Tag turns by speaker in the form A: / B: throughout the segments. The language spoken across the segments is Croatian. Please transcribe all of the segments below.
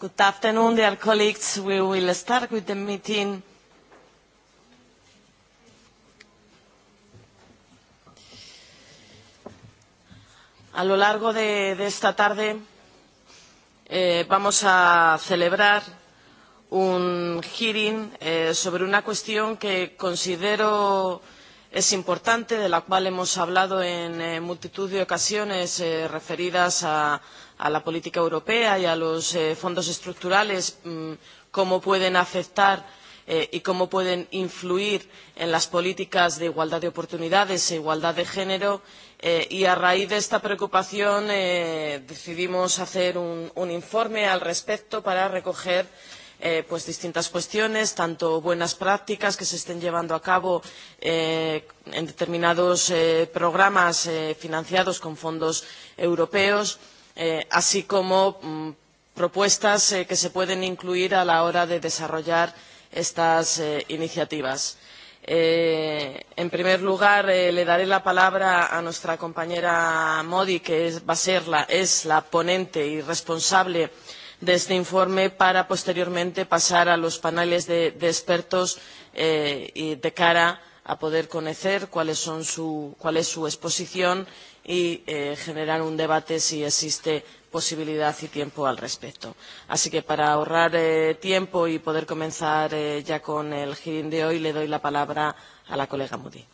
A: Good afternoon, dear colleagues. We will start with the meeting. A lo largo de, de esta tarde eh, vamos a celebrar un hearing eh, sobre una cuestión que considero es importante de la cual hemos hablado en eh, multitud de ocasiones eh, referidas a, la política europea y a los eh, fondos estructurales mm, cómo pueden afectar y cómo pueden influir en las políticas de igualdad de oportunidades e igualdad de género y a raíz de esta preocupación decidimos hacer un informe al respecto para recoger eh, pues distintas cuestiones, tanto buenas prácticas que se estén llevando a cabo eh, en determinados eh, programas eh, financiados con fondos europeos, eh, así como mm, propuestas que se pueden incluir a la hora de desarrollar estas iniciativas. Eh, en primer lugar, eh, le daré la palabra a nuestra compañera Modi, que es, va a ser la, es la ponente y responsable de este informe para posteriormente pasar a los paneles de, expertos eh, de cara a poder conocer cuáles son su, cuál es su exposición y eh, generar un debate si existe posibilidad y tiempo al respecto. Así que para ahorrar eh, tiempo y poder comenzar ya con el hearing de hoy, le doy la palabra a la colega Moody.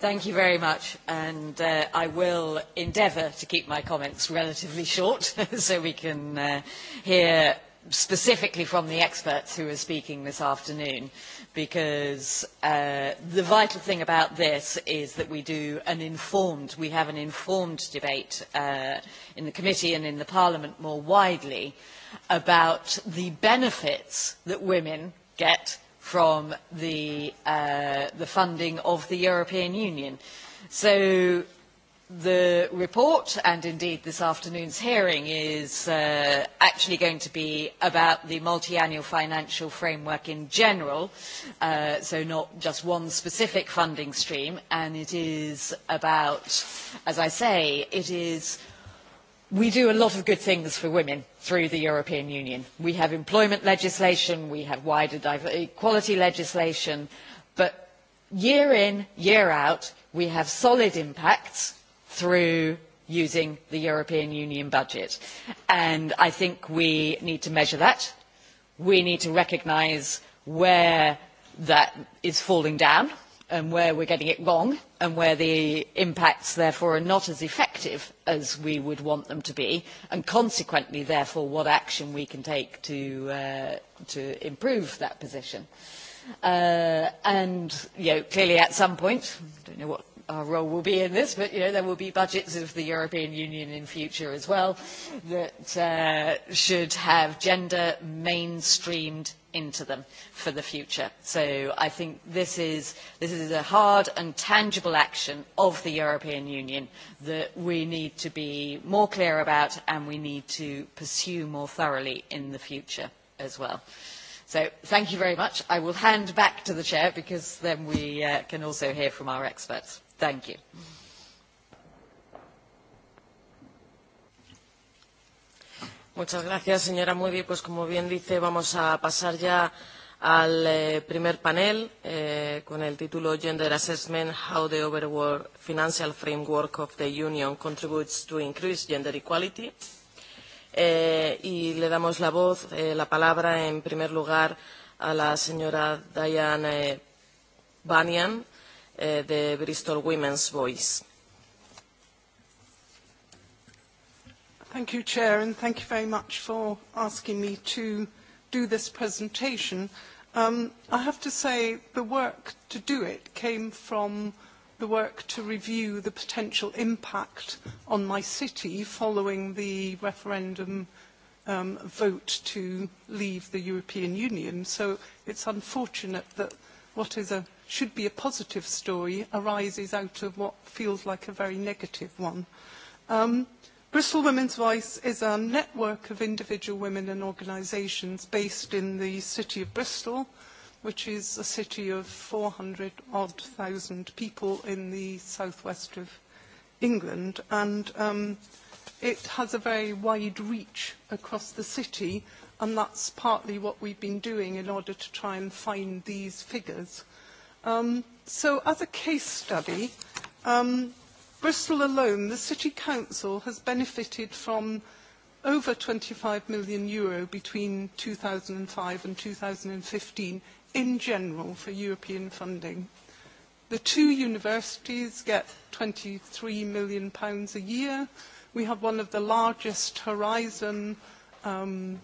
A: Thank you
B: very much, and uh, I will endeavour to keep my comments relatively short so we can uh, hear specifically from the experts who are speaking this afternoon because uh, the vital thing about this is that we do an informed we have an informed debate uh, in the committee and in the parliament more widely about the benefits that women get from the, uh, the funding of the European Union. So the report and indeed this afternoon's hearing is uh, actually going to be about the multiannual financial framework in general, uh, so not just one specific funding stream, and it is about, as I say, it is, we do a lot of good things for women through the European Union. We have employment legislation, we have wider equality legislation, but year in, year out, we have solid impacts through using the European Union budget. And I think we need to measure that. We need to recognise where that is falling down and where we're getting it wrong and where the impacts therefore are not as effective as we would want them to be and consequently therefore what action we can take to uh, to improve that position uh, and you know clearly at some point I don't know what our role will be in this but you know there will be budgets of the European Union in future as well that uh, should have gender mainstreamed into them for the future. So I think this is, this is a hard and tangible action of the European Union that we need to be more clear about and we need to pursue more thoroughly in the future as well. So thank you very much. I will hand back to the Chair because then we uh, can also hear from our experts. Thank
A: you. Muchas gracias, señora Moody. Pues como bien dice, vamos a pasar ya al eh, primer panel eh, con el título Gender Assessment, How the Overall Financial Framework of the Union Contributes to Increase Gender Equality. Eh, y le damos la voz, eh, la palabra en primer lugar a la señora Diane Banyan de Bristol Women's Voice.
C: Thank you, Chair, and thank you very much for asking me to do this presentation. Um, I have to say the work to do it came from the work to review the potential impact on my city following the referendum um, vote to leave the European Union. So it's unfortunate that what is a, should be a positive story arises out of what feels like a very negative one. Um, Bristol Women's Voice is a network of individual women and organisations based in the city of Bristol, which is a city of 400 odd thousand people in the southwest of England. And um, it has a very wide reach across the city, and that's partly what we've been doing in order to try and find these figures. Um, so as a case study, um, Bristol alone, the City Council has benefited from over 25 million euro between 2005 and 2015 in general for European funding. The two universities get 23 million pounds a year. We have one of the largest Horizon um,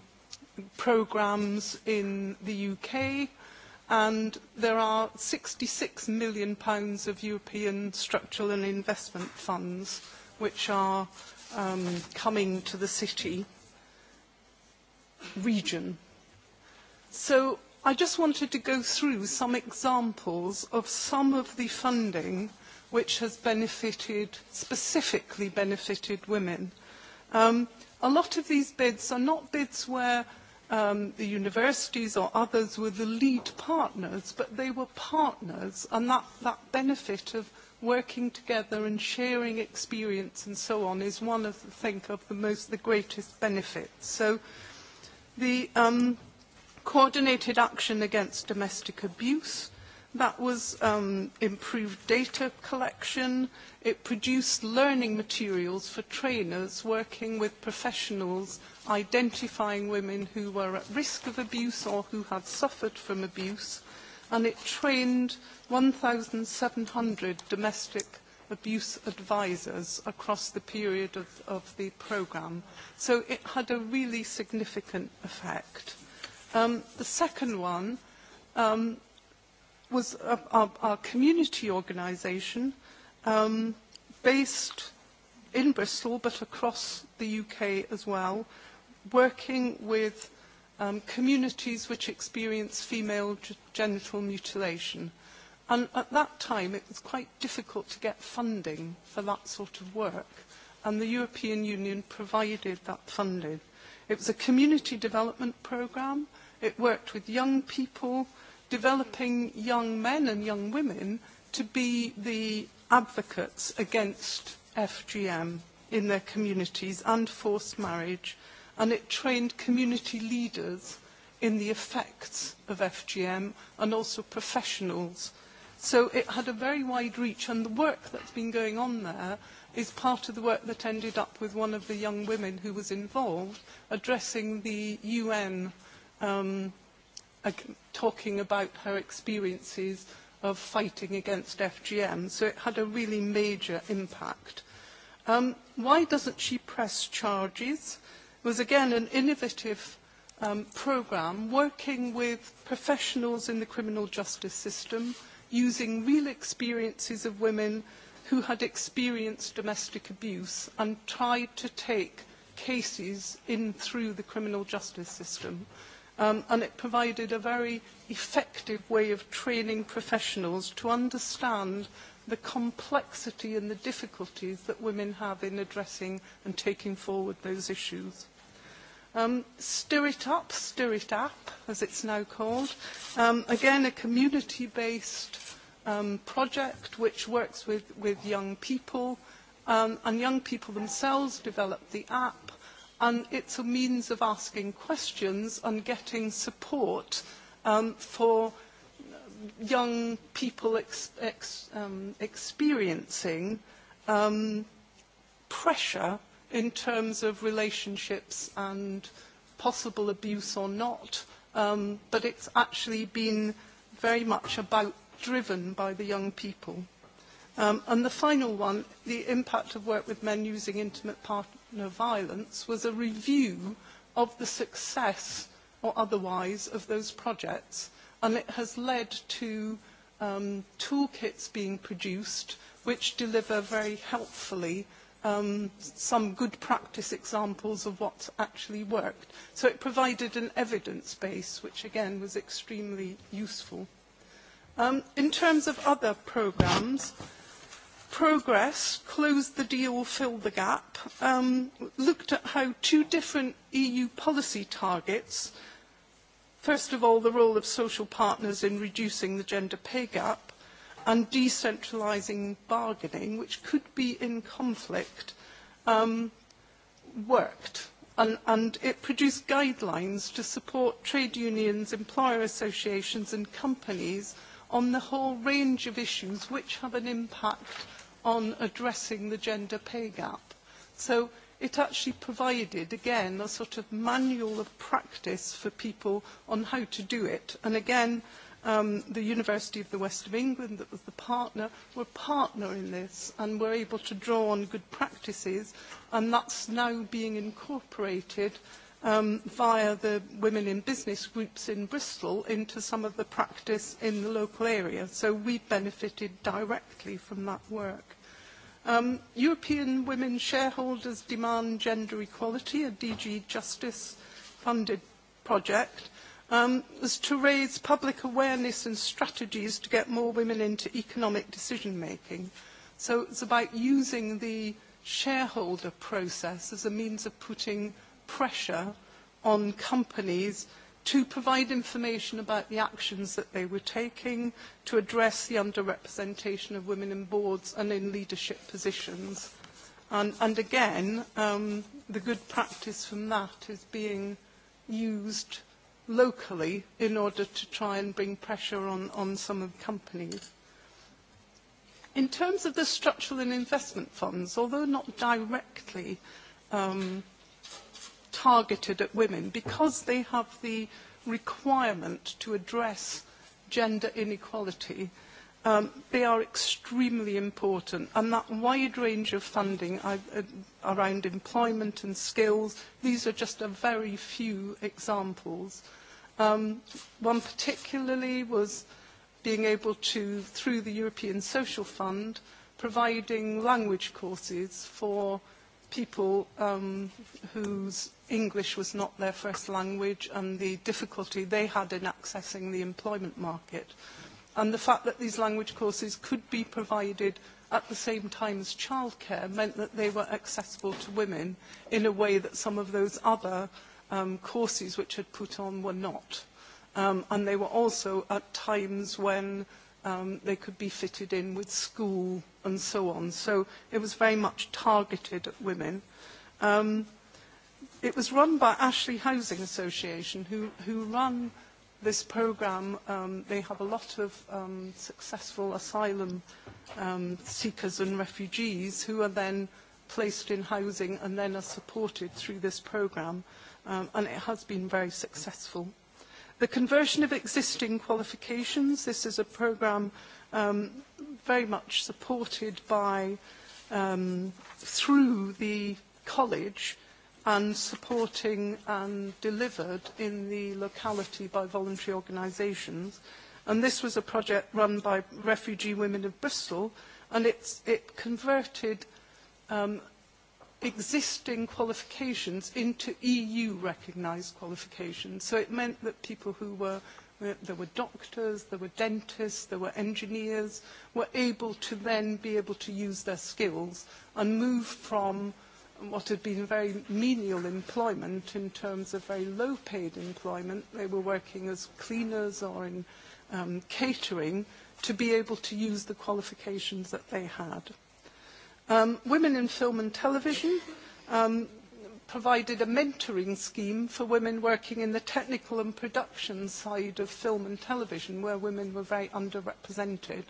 C: programs in the UK and there are six million of European structural and investment funds which are um, coming to the city region. So I just wanted to go through some examples of some of the funding which has benefited, specifically benefited women. Um, a lot of these bids are not bids where um, the universities or others were the lead partners, but they were partners, and that, that benefit of working together and sharing experience and so on is one of, think, of the most, the greatest benefits. So the um, coordinated action against domestic abuse, that was um, improved data collection. It produced learning materials for trainers working with professionals identifying women who were at risk of abuse or who had suffered from abuse, and it trained 1,700 domestic abuse advisors across the period of, of the programme. So it had a really significant effect. Um, the second one um, was a, our, our community organisation um, based in Bristol but across the UK as well, working with um, communities which experience female genital mutilation. And at that time, it was quite difficult to get funding for that sort of work, and the European Union provided that funding. It was a community development programme. It worked with young people, developing young men and young women to be the advocates against FGM in their communities and forced marriage and it trained community leaders in the effects of FGM and also professionals. So it had a very wide reach and the work that's been going on there is part of the work that ended up with one of the young women who was involved addressing the UN um, talking about her experiences of fighting against FGM. So it had a really major impact. Um, why doesn't she press charges? was again an innovative um, programme working with professionals in the criminal justice system using real experiences of women who had experienced domestic abuse and tried to take cases in through the criminal justice system. Um, and it provided a very effective way of training professionals to understand the complexity and the difficulties that women have in addressing and taking forward those issues. Um, stir it up, stir it up, as it's now called. Um, again, a community-based um, project which works with, with young people, um, and young people themselves develop the app, and it's a means of asking questions and getting support um, for young people um, experiencing um, pressure in terms of relationships and possible abuse or not, um, but it's actually been very much about driven by the young people. Um, and the final one, the impact of work with men using intimate partner violence, was a review of the success or otherwise of those projects. And it has led to um, toolkits being produced which deliver very helpfully Um, some good practice examples of what actually worked. So it provided an evidence base, which again was extremely useful. Um, in terms of other programmes, Progress, Close the Deal, Fill the Gap, um, looked at how two different EU policy targets, first of all, the role of social partners in reducing the gender pay gap, and decentralising bargaining, which could be in conflict, um, worked. And, and it produced guidelines to support trade unions, employer associations and companies on the whole range of issues which have an impact on addressing the gender pay gap. So it actually provided, again, a sort of manual of practice for people on how to do it. And again, um, the University of the West of England that was the partner, were partner in this and were able to draw on good practices and that's now being incorporated um, via the women in business groups in Bristol into some of the practice in the local area. So we benefited directly from that work. Um, European women shareholders demand gender equality, a DG Justice funded project um, was to raise public awareness and strategies to get more women into economic decision making. So it's about using the shareholder process as a means of putting pressure on companies to provide information about the actions that they were taking to address the underrepresentation of women in boards and in leadership positions. And, and again, um, the good practice from that is being used locally in order to try and bring pressure on, on some of the companies. In terms of the structural and investment funds, although not directly um, targeted at women, because they have the requirement to address gender inequality, Um, they are extremely important, and that wide range of funding I, uh, around employment and skills, these are just a very few examples. Um, one particularly was being able to, through the European Social Fund, providing language courses for people um, whose English was not their first language and the difficulty they had in accessing the employment market and the fact that these language courses could be provided at the same time as childcare meant that they were accessible to women in a way that some of those other um, courses which had put on were not. Um, and they were also at times when um, they could be fitted in with school and so on. So it was very much targeted at women. Um, it was run by Ashley Housing Association, who, who run this program, um, they have a lot of um, successful asylum um, seekers and refugees who are then placed in housing and then are supported through this program, um, and it has been very successful. The conversion of existing qualifications, this is a program um, very much supported by, um, through the college, and supporting and delivered in the locality by voluntary organisations. And this was a project run by Refugee Women of Bristol, and it's, it converted um, existing qualifications into EU-recognised qualifications. So it meant that people who were, there were doctors, there were dentists, there were engineers, were able to then be able to use their skills and move from – what had been very menial employment in terms of very low paid employment. They were working as cleaners or in um, catering to be able to use the qualifications that they had. Um, women in film and television um, provided a mentoring scheme for women working in the technical and production side of film and television where women were very underrepresented.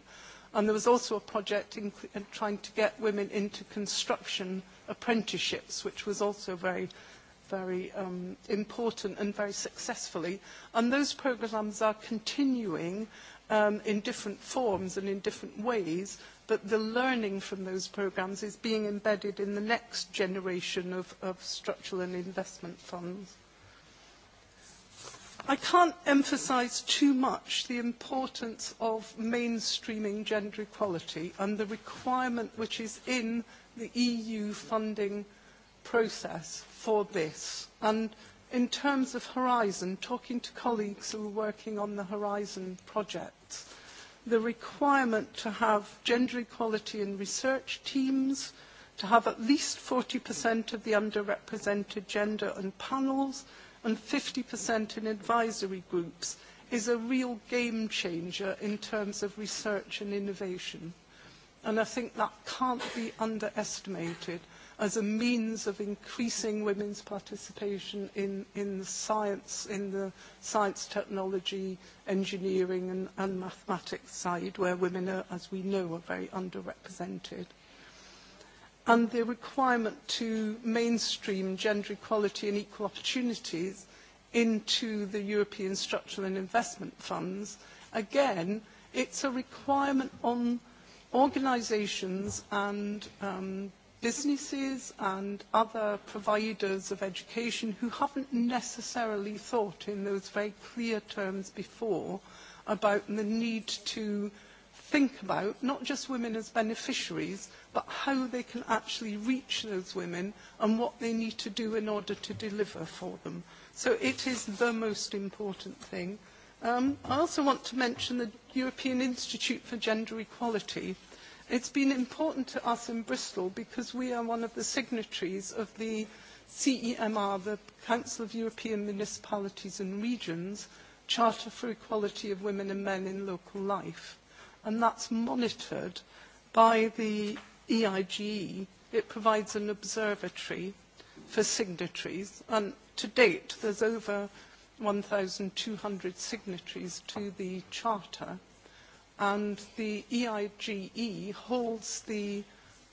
C: And there was also a project in, uh, trying to get women into construction apprenticeships, which was also very very um, important and very successfully. And those programs are continuing um, in different forms and in different ways, but the learning from those programs is being embedded in the next generation of, of structural and investment funds. I can't emphasize too much the importance of mainstreaming gender equality and the requirement which is in the EU funding process for this. And in terms of Horizon, talking to colleagues who are working on the Horizon projects, the requirement to have gender equality in research teams, to have at least 40% of the underrepresented gender on panels and 50% in advisory groups is a real game changer in terms of research and innovation. And I think that can't be underestimated as a means of increasing women's participation in, in science, in the science, technology, engineering and, mathematics side, where women, are, as we know, are very underrepresented. And the requirement to mainstream gender equality and equal opportunities into the European Structural and Investment Funds, again, it's a requirement on organisations and um, businesses and other providers of education who haven't necessarily thought in those very clear terms before about the need to think about not just women as beneficiaries, but how they can actually reach those women and what they need to do in order to deliver for them. So it is the most important thing. Um, I also want to mention the European Institute for Gender Equality, It's been important to us in Bristol because we are one of the signatories of the CEMR, the Council of European Municipalities and Regions, Charter for Equality of Women and Men in Local Life. And that's monitored by the EIGE. E. It provides an observatory for signatories. And to date, there's over 1,200 signatories to the Charter and the EIGE e holds the,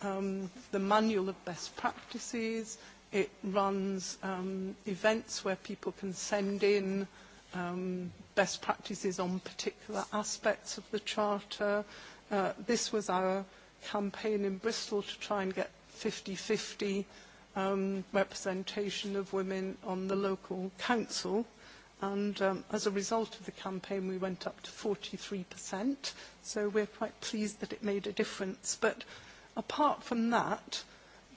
C: um, the manual of best practices. It runs um, events where people can send in um, best practices on particular aspects of the Charter. Uh, this was our campaign in Bristol to try and get 50-50 um, representation of women on the local council and um, as a result of the campaign we went up to 43%, so we're quite pleased that it made a difference. But apart from that,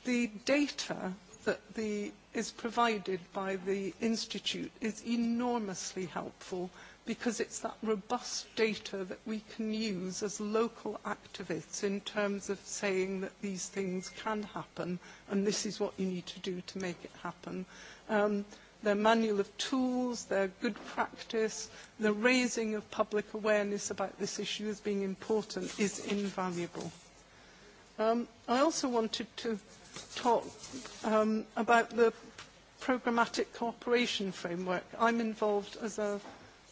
C: the data that the, is provided by the Institute is enormously helpful because it's that robust data that we can use as local activists in terms of saying that these things can happen and this is what you need to do to make it happen. Um, their manual of tools, their good practice, the raising of public awareness about this issue as being important is invaluable. Um, I also wanted to talk um, about the programmatic cooperation framework. I'm involved as a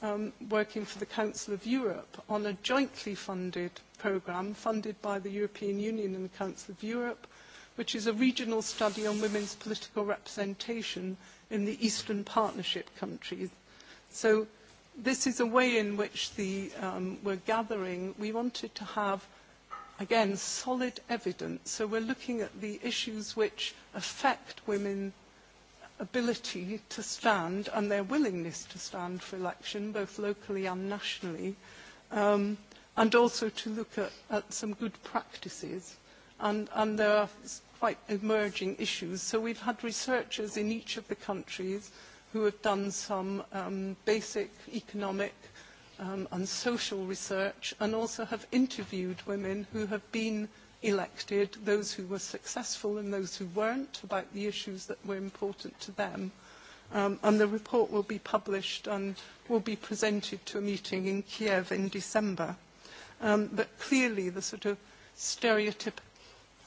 C: um, working for the Council of Europe on a jointly funded programme funded by the European Union and the Council of Europe, which is a regional study on women's political representation in the Eastern Partnership countries. So this is a way in which the, um, we're gathering. We wanted to have, again, solid evidence. So we're looking at the issues which affect women ability to stand and their willingness to stand for election, both locally and nationally, um, and also to look at, at some good practices. And, and there are quite emerging issues. So we've had researchers in each of the countries who have done some um, basic economic um, and social research and also have interviewed women who have been elected, those who were successful and those who weren't, about the issues that were important to them. Um, and the report will be published and will be presented to a meeting in Kiev in December. but clearly the sort of stereotypical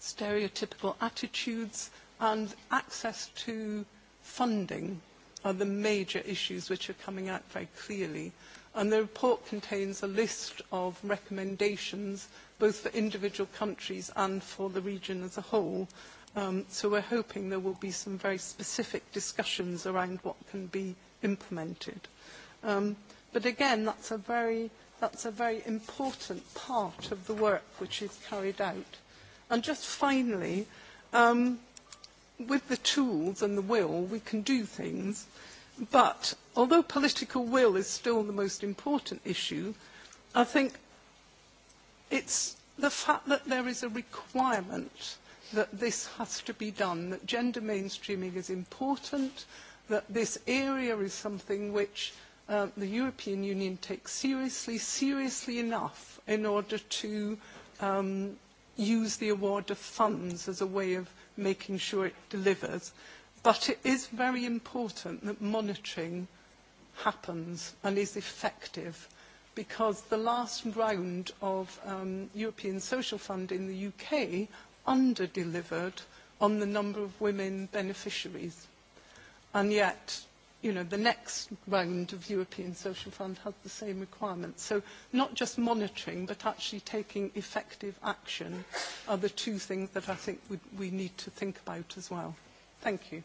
C: stereotypical attitudes and access to funding are the major issues which are coming out very clearly. And the report contains a list of recommendations both for individual countries and for the region as a whole. Um, so we're hoping there will be some very specific discussions around what can be implemented. Um, but again, that's a, very, that's a very important part of the work which is carried out And just finally, um, with the tools and the will, we can do things. But although political will is still the most important issue, I think it's the fact that there is a requirement that this has to be done, that gender mainstreaming is important, that this area is something which uh, the European Union takes seriously, seriously enough in order to um, use the award of funds as a way of making sure it delivers. But it is very important that monitoring happens and is effective because the last round of um, European Social Fund in the UK under delivered on the number of women beneficiaries. And yet you know, the next round of European Social Fund has the same requirements. So not just monitoring, but actually taking effective action are the two things that I think we, we need to think about as well. Thank you.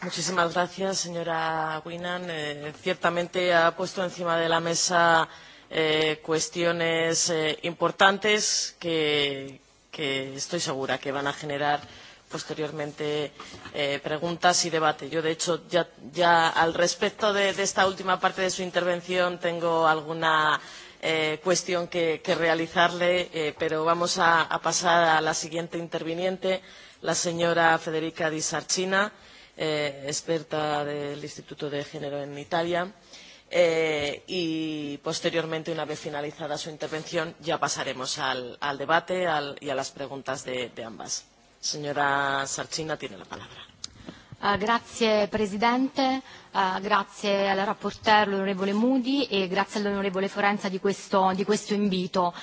A: Muchísimas gracias, señora Winan. Eh, ciertamente ha puesto encima de la mesa eh, cuestiones eh, importantes que, que estoy segura que van a generar posteriormente eh, preguntas y debate. Yo, de hecho, ya, al respecto de, esta última parte de su intervención tengo alguna eh, cuestión que, que realizarle, eh, pero vamos a, a pasar a la siguiente interviniente, la señora Federica Di Sarcina, eh, experta del Instituto de Género en Italia Eh, y posteriormente, una vez finalizada su intervención, ya pasaremos al, al debate al, y a las preguntas de, de ambas. Señora Sarcina tiene la palabra.
D: Uh, grazie Presidente, uh, grazie al rapporteur, l'onorevole Mudi e grazie all'onorevole Forenza di questo, di questo invito.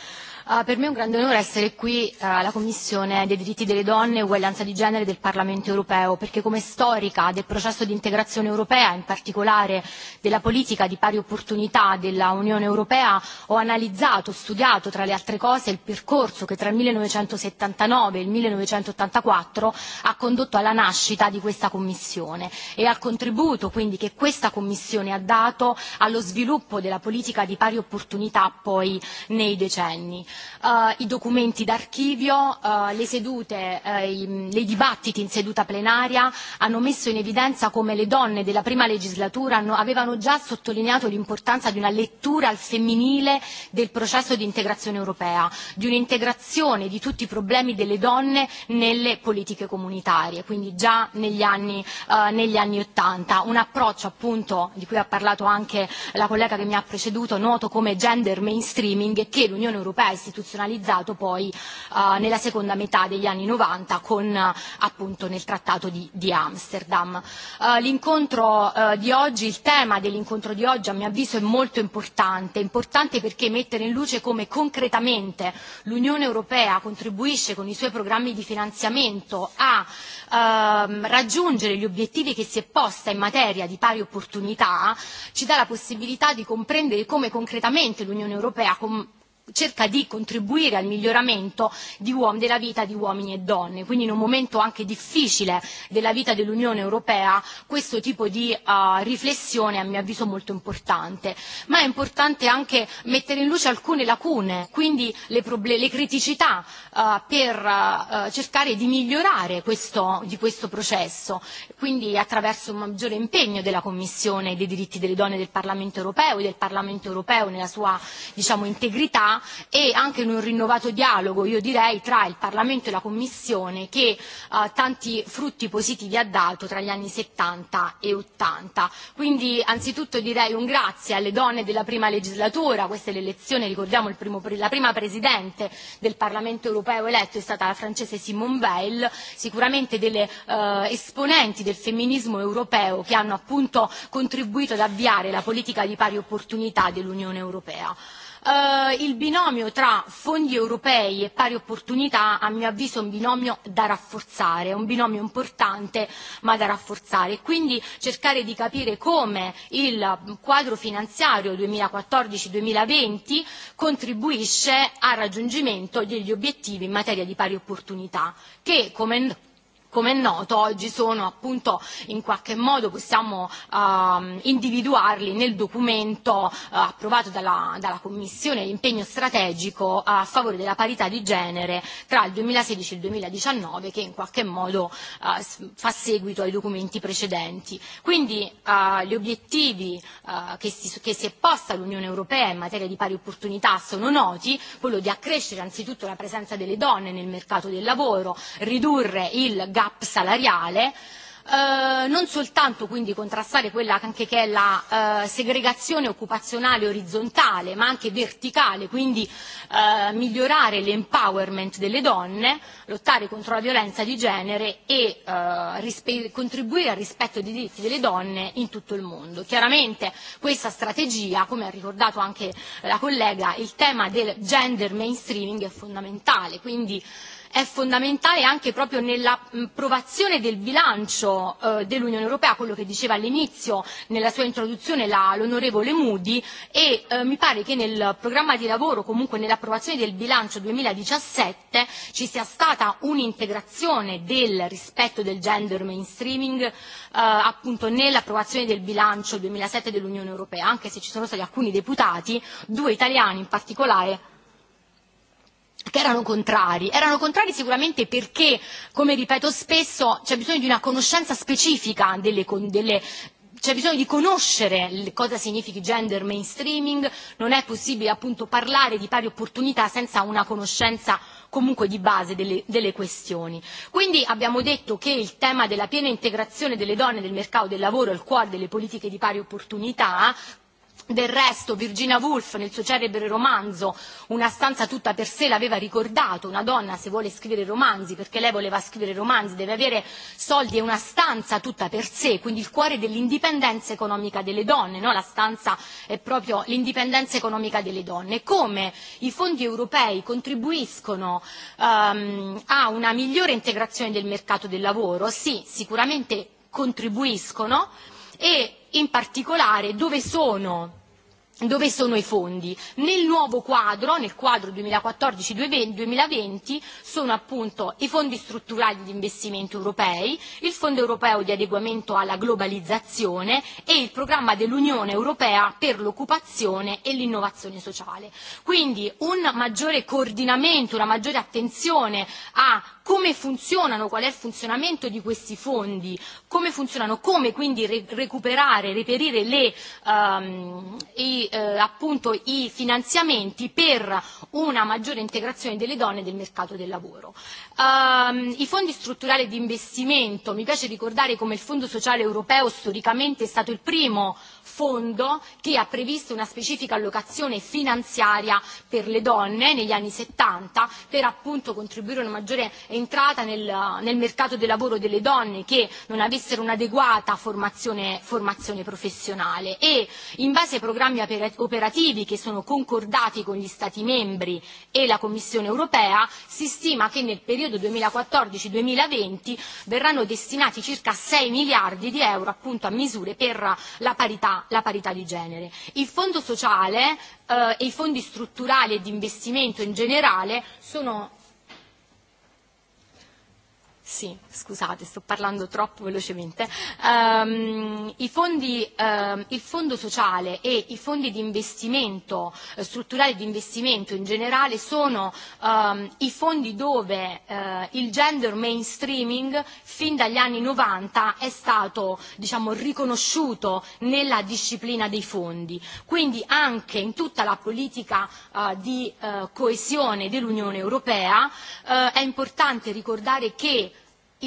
D: Uh, per me è un grande onore essere qui uh, alla Commissione dei diritti delle donne e uguaglianza di genere del Parlamento europeo, perché come storica del processo di integrazione europea, in particolare della politica di pari opportunità della Unione europea, ho analizzato, studiato tra le altre cose il percorso che tra il 1979 e il 1984 ha condotto alla nascita di questa Commissione e al contributo quindi che questa Commissione ha dato allo sviluppo della politica di pari opportunità poi nei decenni Eh, i documenti d'archivio, eh, le sedute, eh, i, le dibattiti in seduta plenaria hanno messo in evidenza come le donne della prima legislatura avevano già sottolineato l'importanza di una lettura al femminile del processo di integrazione europea, di un'integrazione di tutti i problemi delle donne nelle politiche comunitarie, quindi già negli anni, negli anni 80. Un approccio appunto di cui ha parlato anche la collega che mi ha preceduto, noto come gender mainstreaming, e che l'Unione Europea e istituzionalizzato poi eh, nella seconda metà degli anni 90 con eh, appunto nel trattato di, di Amsterdam. Eh, l'incontro di oggi, il tema dell'incontro di oggi a mio avviso è molto importante, importante perché mettere in luce come concretamente l'Unione Europea contribuisce con i suoi programmi di finanziamento a ehm, raggiungere gli obiettivi che si è posta in materia di pari opportunità ci dà la possibilità di comprendere come concretamente l'Unione Europea cerca di contribuire al miglioramento di della vita di uomini e donne quindi in un momento anche difficile della vita dell'Unione Europea questo tipo di eh, riflessione a mio avviso molto importante ma è importante anche mettere in luce alcune lacune quindi le, criticità eh, per eh, cercare di migliorare questo di questo processo quindi attraverso un maggiore impegno della Commissione dei diritti delle donne del Parlamento Europeo e del Parlamento Europeo nella sua diciamo integrità e anche in un rinnovato dialogo, io direi, tra il Parlamento e la Commissione che eh, tanti frutti positivi ha dato tra gli anni 70 e 80. Quindi anzitutto direi un grazie alle donne della prima legislatura, questa è l'elezione, ricordiamo il la prima Presidente del Parlamento europeo eletto è stata la francese Simone Veil, sicuramente delle eh, esponenti del femminismo europeo che hanno appunto contribuito ad avviare la politica di pari opportunità dell'Unione Europea. Eh, il binomio tra fondi europei e pari opportunità a mio avviso è un binomio da rafforzare, è un binomio importante ma da rafforzare e quindi cercare di capire come il quadro finanziario 2014-2020 contribuisce al raggiungimento degli obiettivi in materia di pari opportunità che come come è noto oggi sono appunto in qualche modo possiamo ehm, individuarli nel documento eh, approvato dalla, dalla Commissione l'impegno strategico a favore della parità di genere tra il 2016 e il 2019 che in qualche modo eh, fa seguito ai documenti precedenti. Quindi eh, gli obiettivi che si, che si è posta l'Unione Europea in materia di pari opportunità sono noti, quello di accrescere anzitutto la presenza delle donne nel mercato del lavoro, ridurre il gap salariale eh, non soltanto quindi contrastare quella che è la eh, segregazione occupazionale orizzontale ma anche verticale quindi eh, migliorare l'empowerment delle donne lottare contro la violenza di genere e contribuire al rispetto dei diritti delle donne in tutto il mondo chiaramente questa strategia come ha ricordato anche la collega il tema del gender mainstreaming è fondamentale quindi è fondamentale anche proprio nell'approvazione del bilancio eh, dell'Unione Europea, quello che diceva all'inizio nella sua introduzione l'onorevole Moody e eh, mi pare che nel programma di lavoro, comunque nell'approvazione del bilancio 2017 ci sia stata un'integrazione del rispetto del gender mainstreaming eh, appunto nell'approvazione del bilancio 2007 dell'Unione Europea, anche se ci sono stati alcuni deputati, due italiani in particolare che erano contrari. Erano contrari sicuramente perché, come ripeto spesso, c'è bisogno di una conoscenza specifica delle, delle c'è bisogno di conoscere cosa significhi gender mainstreaming, non è possibile appunto parlare di pari opportunità senza una conoscenza comunque di base delle, delle questioni. Quindi abbiamo detto che il tema della piena integrazione delle donne nel mercato del lavoro è il cuore delle politiche di pari opportunità, Del resto Virginia Woolf nel suo celebre romanzo Una stanza tutta per sé l'aveva ricordato, una donna se vuole scrivere romanzi, perché lei voleva scrivere romanzi, deve avere soldi e una stanza tutta per sé, quindi il cuore dell'indipendenza economica delle donne, no? la stanza è proprio l'indipendenza economica delle donne. Come i fondi europei contribuiscono ehm, a una migliore integrazione del mercato del lavoro? Sì, sicuramente contribuiscono e in particolare dove sono dove sono i fondi nel nuovo quadro nel quadro 2014-2020 sono appunto i fondi strutturali di investimento europei il fondo europeo di adeguamento alla globalizzazione e il programma dell'Unione Europea per l'occupazione e l'innovazione sociale quindi un maggiore coordinamento una maggiore attenzione a come funzionano, qual è il funzionamento di questi fondi, come funzionano, come quindi recuperare, reperire le, um, i, eh, appunto i finanziamenti per una maggiore integrazione delle donne nel mercato del lavoro. Ehm, I fondi strutturali di investimento, mi piace ricordare come il Fondo Sociale Europeo storicamente è stato il primo fondo che ha previsto una specifica allocazione finanziaria per le donne negli anni 70 per appunto contribuire a una maggiore entrata nel, nel mercato del lavoro delle donne che non avessero un'adeguata formazione, formazione professionale e in base ai programmi operativi che sono concordati con gli Stati membri e la Commissione europea si stima che nel periodo 2014-2020 verranno destinati circa 6 miliardi di euro appunto a misure per la parità la parità di genere. Il fondo sociale eh, e i fondi strutturali e di investimento in generale sono Sì, scusate, sto parlando troppo velocemente. Ehm, i fondi, ehm, il fondo sociale e i fondi di investimento, eh, strutturali di investimento in generale, sono ehm, i fondi dove eh, il gender mainstreaming fin dagli anni 90 è stato diciamo, riconosciuto nella disciplina dei fondi. Quindi anche in tutta la politica eh, di coesione dell'Unione Europea è importante ricordare che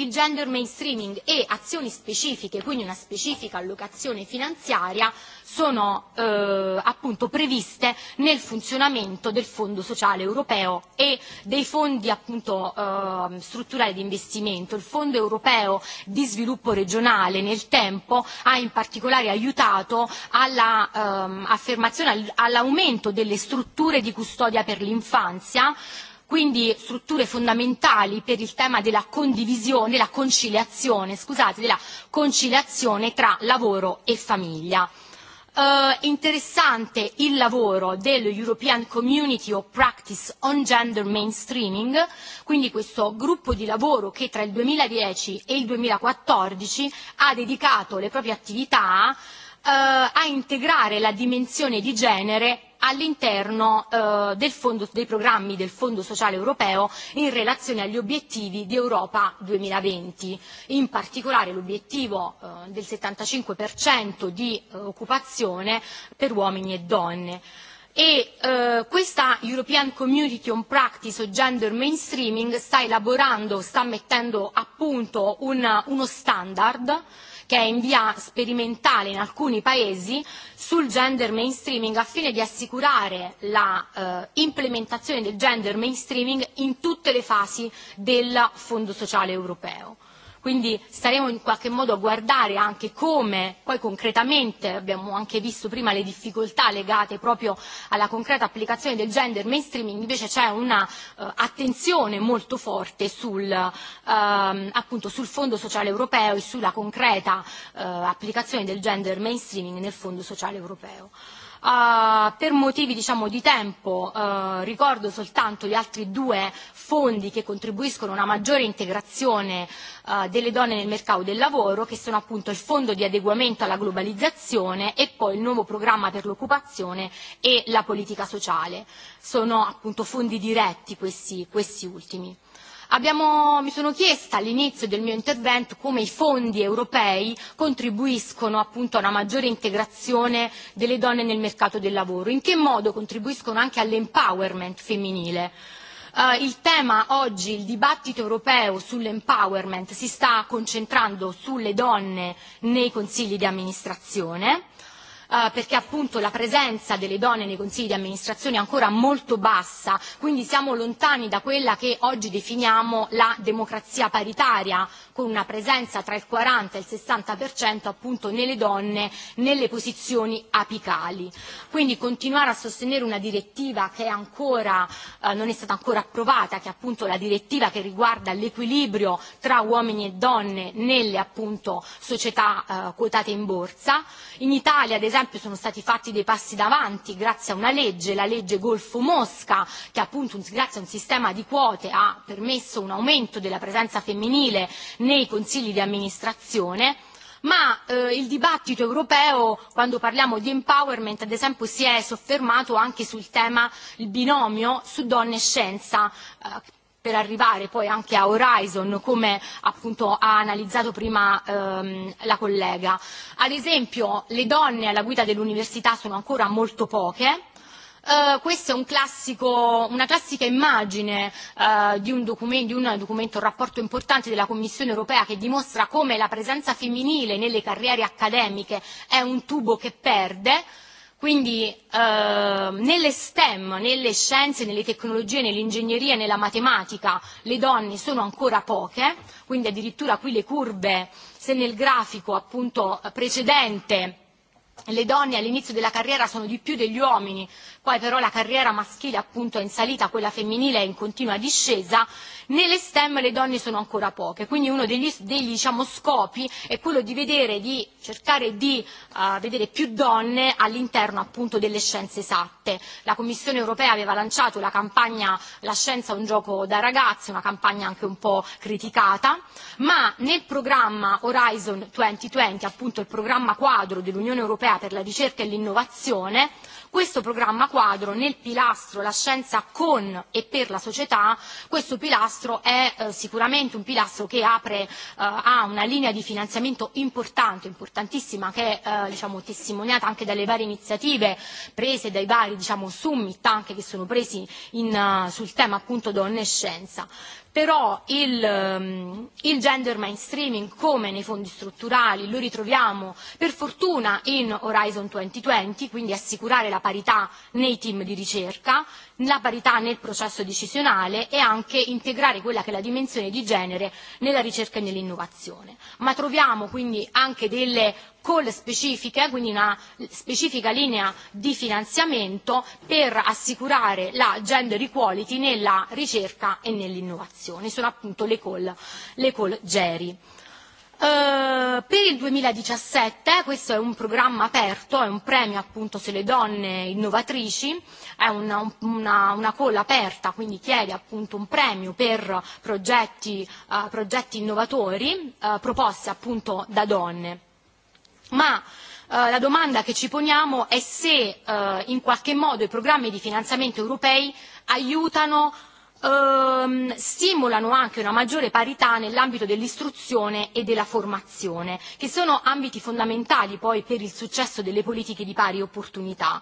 D: il gender mainstreaming e azioni specifiche, quindi una specifica allocazione finanziaria, sono eh, appunto previste nel funzionamento del Fondo sociale europeo e dei fondi appunto eh, strutturali di investimento. Il Fondo europeo di sviluppo regionale nel tempo ha in particolare aiutato all'affermazione ehm, all'aumento delle strutture di custodia per l'infanzia quindi strutture fondamentali per il tema della condivisione, della conciliazione, scusate, della conciliazione tra lavoro e famiglia. Uh, interessante il lavoro dell'European Community of Practice on Gender Mainstreaming, quindi questo gruppo di lavoro che tra il 2010 e il 2014 ha dedicato le proprie attività Eh, a integrare la dimensione di genere all'interno eh, del fondo, dei programmi del Fondo Sociale Europeo in relazione agli obiettivi di Europa 2020. In particolare l'obiettivo eh, del 75% di occupazione per uomini e donne. E questa European Community on Practice o Gender Mainstreaming sta elaborando, sta mettendo a punto uno standard che è in via sperimentale in alcuni paesi sul gender mainstreaming a fine di assicurare la eh, implementazione del gender mainstreaming in tutte le fasi del Fondo sociale europeo quindi staremo in qualche modo a guardare anche come poi concretamente abbiamo anche visto prima le difficoltà legate proprio alla concreta applicazione del gender mainstreaming invece c'è un'attenzione eh, uh, molto forte sul uh, appunto sul fondo sociale europeo e sulla concreta uh, applicazione del gender mainstreaming nel fondo sociale europeo Uh, per motivi diciamo di tempo eh, ricordo soltanto gli altri due fondi che contribuiscono a una maggiore integrazione eh, delle donne nel mercato del lavoro che sono appunto il fondo di adeguamento alla globalizzazione e poi il nuovo programma per l'occupazione e la politica sociale sono appunto fondi diretti questi questi ultimi mi sono chiesta all'inizio del mio intervento come i fondi europei contribuiscono appunto a una maggiore integrazione delle donne nel mercato del lavoro, in che modo contribuiscono anche all'empowerment femminile. Eh, il tema oggi, il dibattito europeo sull'empowerment si sta concentrando sulle donne nei consigli di amministrazione Eh, perché appunto la presenza delle donne nei consigli di amministrazione è ancora molto bassa, quindi siamo lontani da quella che oggi definiamo la democrazia paritaria, con una presenza tra il 40 e il 60% appunto nelle donne nelle posizioni apicali. Quindi continuare a sostenere una direttiva che è ancora, eh, non è stata ancora approvata, che è appunto la direttiva che riguarda l'equilibrio tra uomini e donne nelle appunto società eh, quotate in borsa. In Italia ad esempio esempio sono stati fatti dei passi davanti grazie a una legge, la legge Golfo-Mosca, che appunto grazie a un sistema di quote ha permesso un aumento della presenza femminile nei consigli di amministrazione ma eh, il dibattito europeo quando parliamo di empowerment ad esempio si è soffermato anche sul tema il binomio su donne e scienza eh, per arrivare poi anche a Horizon come appunto ha analizzato prima ehm, la collega. Ad esempio le donne alla guida dell'università sono ancora molto poche, Uh, eh, questa è un classico, una classica immagine uh, di, un di un documento, un rapporto importante della Commissione europea che dimostra come la presenza femminile nelle carriere accademiche è un tubo che perde Quindi ehm, nelle STEM, nelle scienze, nelle tecnologie, nell'ingegneria e nella matematica le donne sono ancora poche, quindi addirittura qui le curve, se nel grafico appunto precedente le donne all'inizio della carriera sono di più degli uomini poi però la carriera maschile appunto è in salita quella femminile è in continua discesa nelle stem le donne sono ancora poche quindi uno degli, diciamo scopi è quello di vedere di cercare di eh, vedere più donne all'interno appunto delle scienze esatte la commissione europea aveva lanciato la campagna la scienza è un gioco da ragazzi una campagna anche un po' criticata ma nel programma Horizon 2020 appunto il programma quadro dell'Unione Europea europea per la ricerca e l'innovazione, questo programma quadro nel pilastro La scienza con e per la società, questo pilastro è eh, sicuramente un pilastro che apre, eh, a una linea di finanziamento importante, importantissima, che è eh, diciamo, testimoniata anche dalle varie iniziative prese dai vari diciamo, summit anche che sono presi sul tema appunto donne e scienza però il, ehm, il gender mainstreaming come nei fondi strutturali lo ritroviamo per fortuna in Horizon 2020, quindi assicurare la parità nei team di ricerca, la parità nel processo decisionale e anche integrare quella che è la dimensione di genere nella ricerca e nell'innovazione. Ma troviamo quindi anche delle call specifiche, quindi una specifica linea di finanziamento per assicurare la gender equality nella ricerca e nell'innovazione. Sono appunto le call, le call GERI. Eh, per il 2017 questo è un programma aperto, è un premio appunto sulle donne innovatrici, è una, una, una colla aperta, quindi chiede appunto un premio per progetti, uh, progetti innovatori uh, eh, proposti appunto da donne. Ma la domanda che ci poniamo è se in qualche modo i programmi di finanziamento europei aiutano ehm, stimolano anche una maggiore parità nell'ambito dell'istruzione e della formazione, che sono ambiti fondamentali poi per il successo delle politiche di pari opportunità.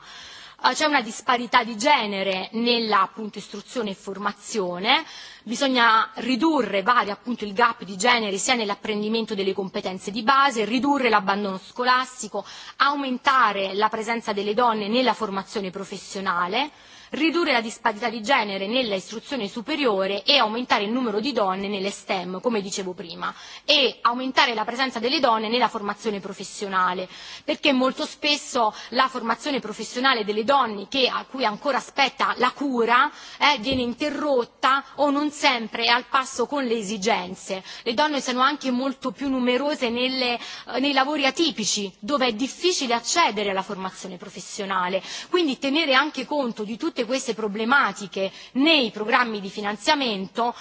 D: Eh, c'è una disparità di genere nella appunto istruzione e formazione, bisogna ridurre vari appunto il gap di genere sia nell'apprendimento delle competenze di base, ridurre l'abbandono scolastico, aumentare la presenza delle donne nella formazione professionale ridurre la disparità di genere nella istruzione superiore e aumentare il numero di donne nelle STEM, come dicevo prima, e aumentare la presenza delle donne nella formazione professionale, perché molto spesso la formazione professionale delle donne che, a cui ancora spetta la cura eh, viene interrotta o non sempre è al passo con le esigenze. Le donne sono anche molto più numerose nelle, eh, nei lavori atipici, dove è difficile accedere alla formazione professionale. Quindi tenere anche conto di tutte queste problematiche nei programmi di finanziamento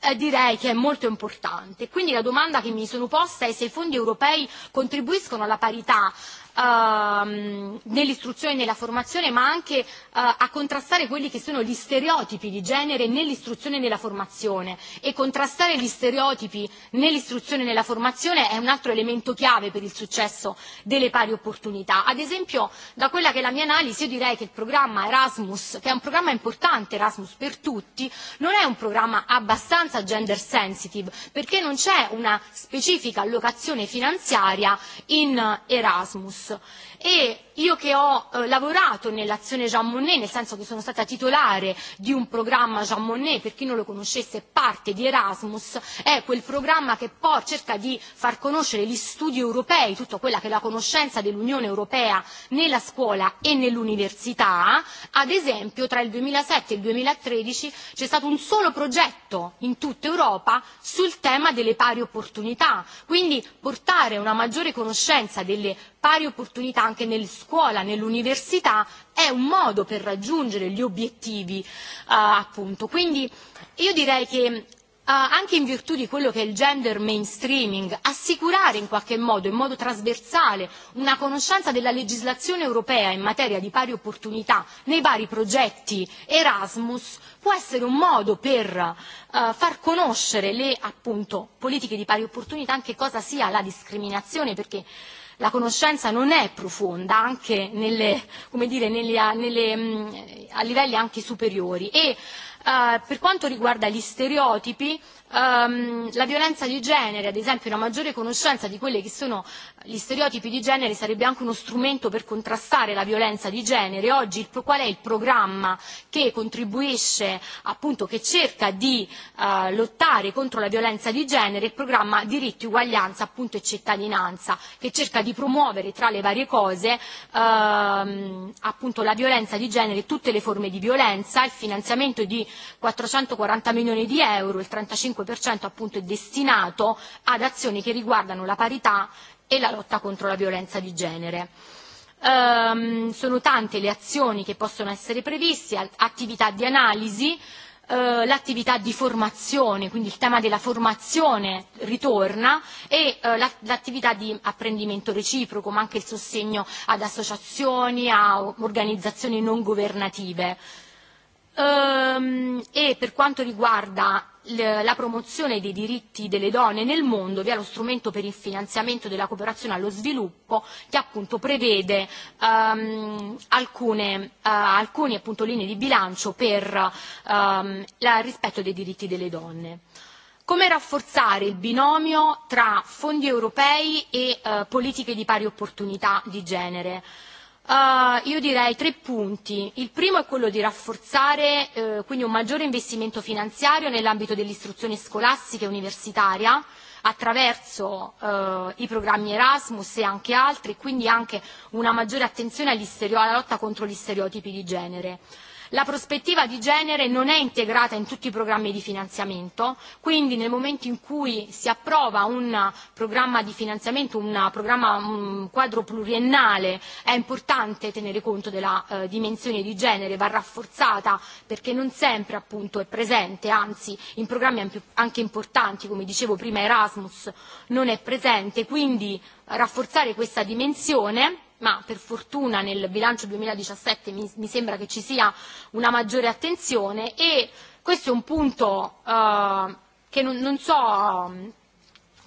D: eh, direi che è molto importante. Quindi la domanda che mi sono posta è se i fondi europei contribuiscono alla parità Ehm, nell'istruzione e nella formazione, ma anche eh, a contrastare quelli che sono gli stereotipi di genere nell'istruzione e nella formazione. E contrastare gli stereotipi nell'istruzione e nella formazione è un altro elemento chiave per il successo delle pari opportunità. Ad esempio, da quella che è la mia analisi, io direi che il programma Erasmus, che è un programma importante, Erasmus per tutti, non è un programma abbastanza gender sensitive, perché non c'è una specifica allocazione finanziaria in Erasmus stesso e io che ho eh, lavorato nell'azione Jean Monnet, nel senso che sono stata titolare di un programma Jean Monnet, per chi non lo conoscesse parte di Erasmus, è quel programma che poi cerca di far conoscere gli studi europei, tutta quella che è la conoscenza dell'Unione Europea nella scuola e nell'università. Ad esempio tra il 2007 e il 2013 c'è stato un solo progetto in tutta Europa sul tema delle pari opportunità, quindi portare una maggiore conoscenza delle pari opportunità anche nella scuola, nell'università, è un modo per raggiungere gli obiettivi eh, appunto. Quindi io direi che eh, anche in virtù di quello che è il gender mainstreaming assicurare in qualche modo in modo trasversale una conoscenza della legislazione europea in materia di pari opportunità nei vari progetti Erasmus può essere un modo per eh, far conoscere le appunto politiche di pari opportunità anche cosa sia la discriminazione perché la conoscenza non è profonda anche nelle, come dire, nelle, nelle, mm, a livelli anche superiori e eh, per quanto riguarda gli stereotipi Ehm, la violenza di genere, ad esempio una maggiore conoscenza di quelli che sono gli stereotipi di genere sarebbe anche uno strumento per contrastare la violenza di genere. Oggi qual è il programma che contribuisce, appunto, che cerca di eh, lottare contro la violenza di genere? Il programma Diritti, Uguaglianza appunto, e Cittadinanza, che cerca di promuovere tra le varie cose ehm, appunto, la violenza di genere, tutte le forme di violenza, il finanziamento di 440 milioni di euro, il 35 25% appunto è destinato ad azioni che riguardano la parità e la lotta contro la violenza di genere. Um, sono tante le azioni che possono essere previste, attività di analisi, eh, l'attività di formazione, quindi il tema della formazione ritorna e eh, l'attività di apprendimento reciproco, ma anche il sostegno ad associazioni, a organizzazioni non governative. Ehm, e per quanto riguarda la promozione dei diritti delle donne nel mondo via lo strumento per il finanziamento della cooperazione allo sviluppo che appunto prevede um, alcune, uh, eh, alcune appunto linee di bilancio per um, il rispetto dei diritti delle donne. Come rafforzare il binomio tra fondi europei e uh, politiche di pari opportunità di genere? Uh, io direi tre punti. Il primo è quello di rafforzare eh, quindi un maggiore investimento finanziario nell'ambito dell'istruzione scolastica e universitaria attraverso eh, i programmi Erasmus e anche altri, quindi anche una maggiore attenzione alla lotta contro gli stereotipi di genere. La prospettiva di genere non è integrata in tutti i programmi di finanziamento, quindi nel momento in cui si approva un programma di finanziamento, un programma un quadro pluriennale, è importante tenere conto della eh, dimensione di genere, va rafforzata perché non sempre appunto è presente, anzi in programmi anche importanti, come dicevo prima Erasmus non è presente, quindi rafforzare questa dimensione ma per fortuna nel bilancio 2017 mi, sembra che ci sia una maggiore attenzione e questo è un punto eh, che non so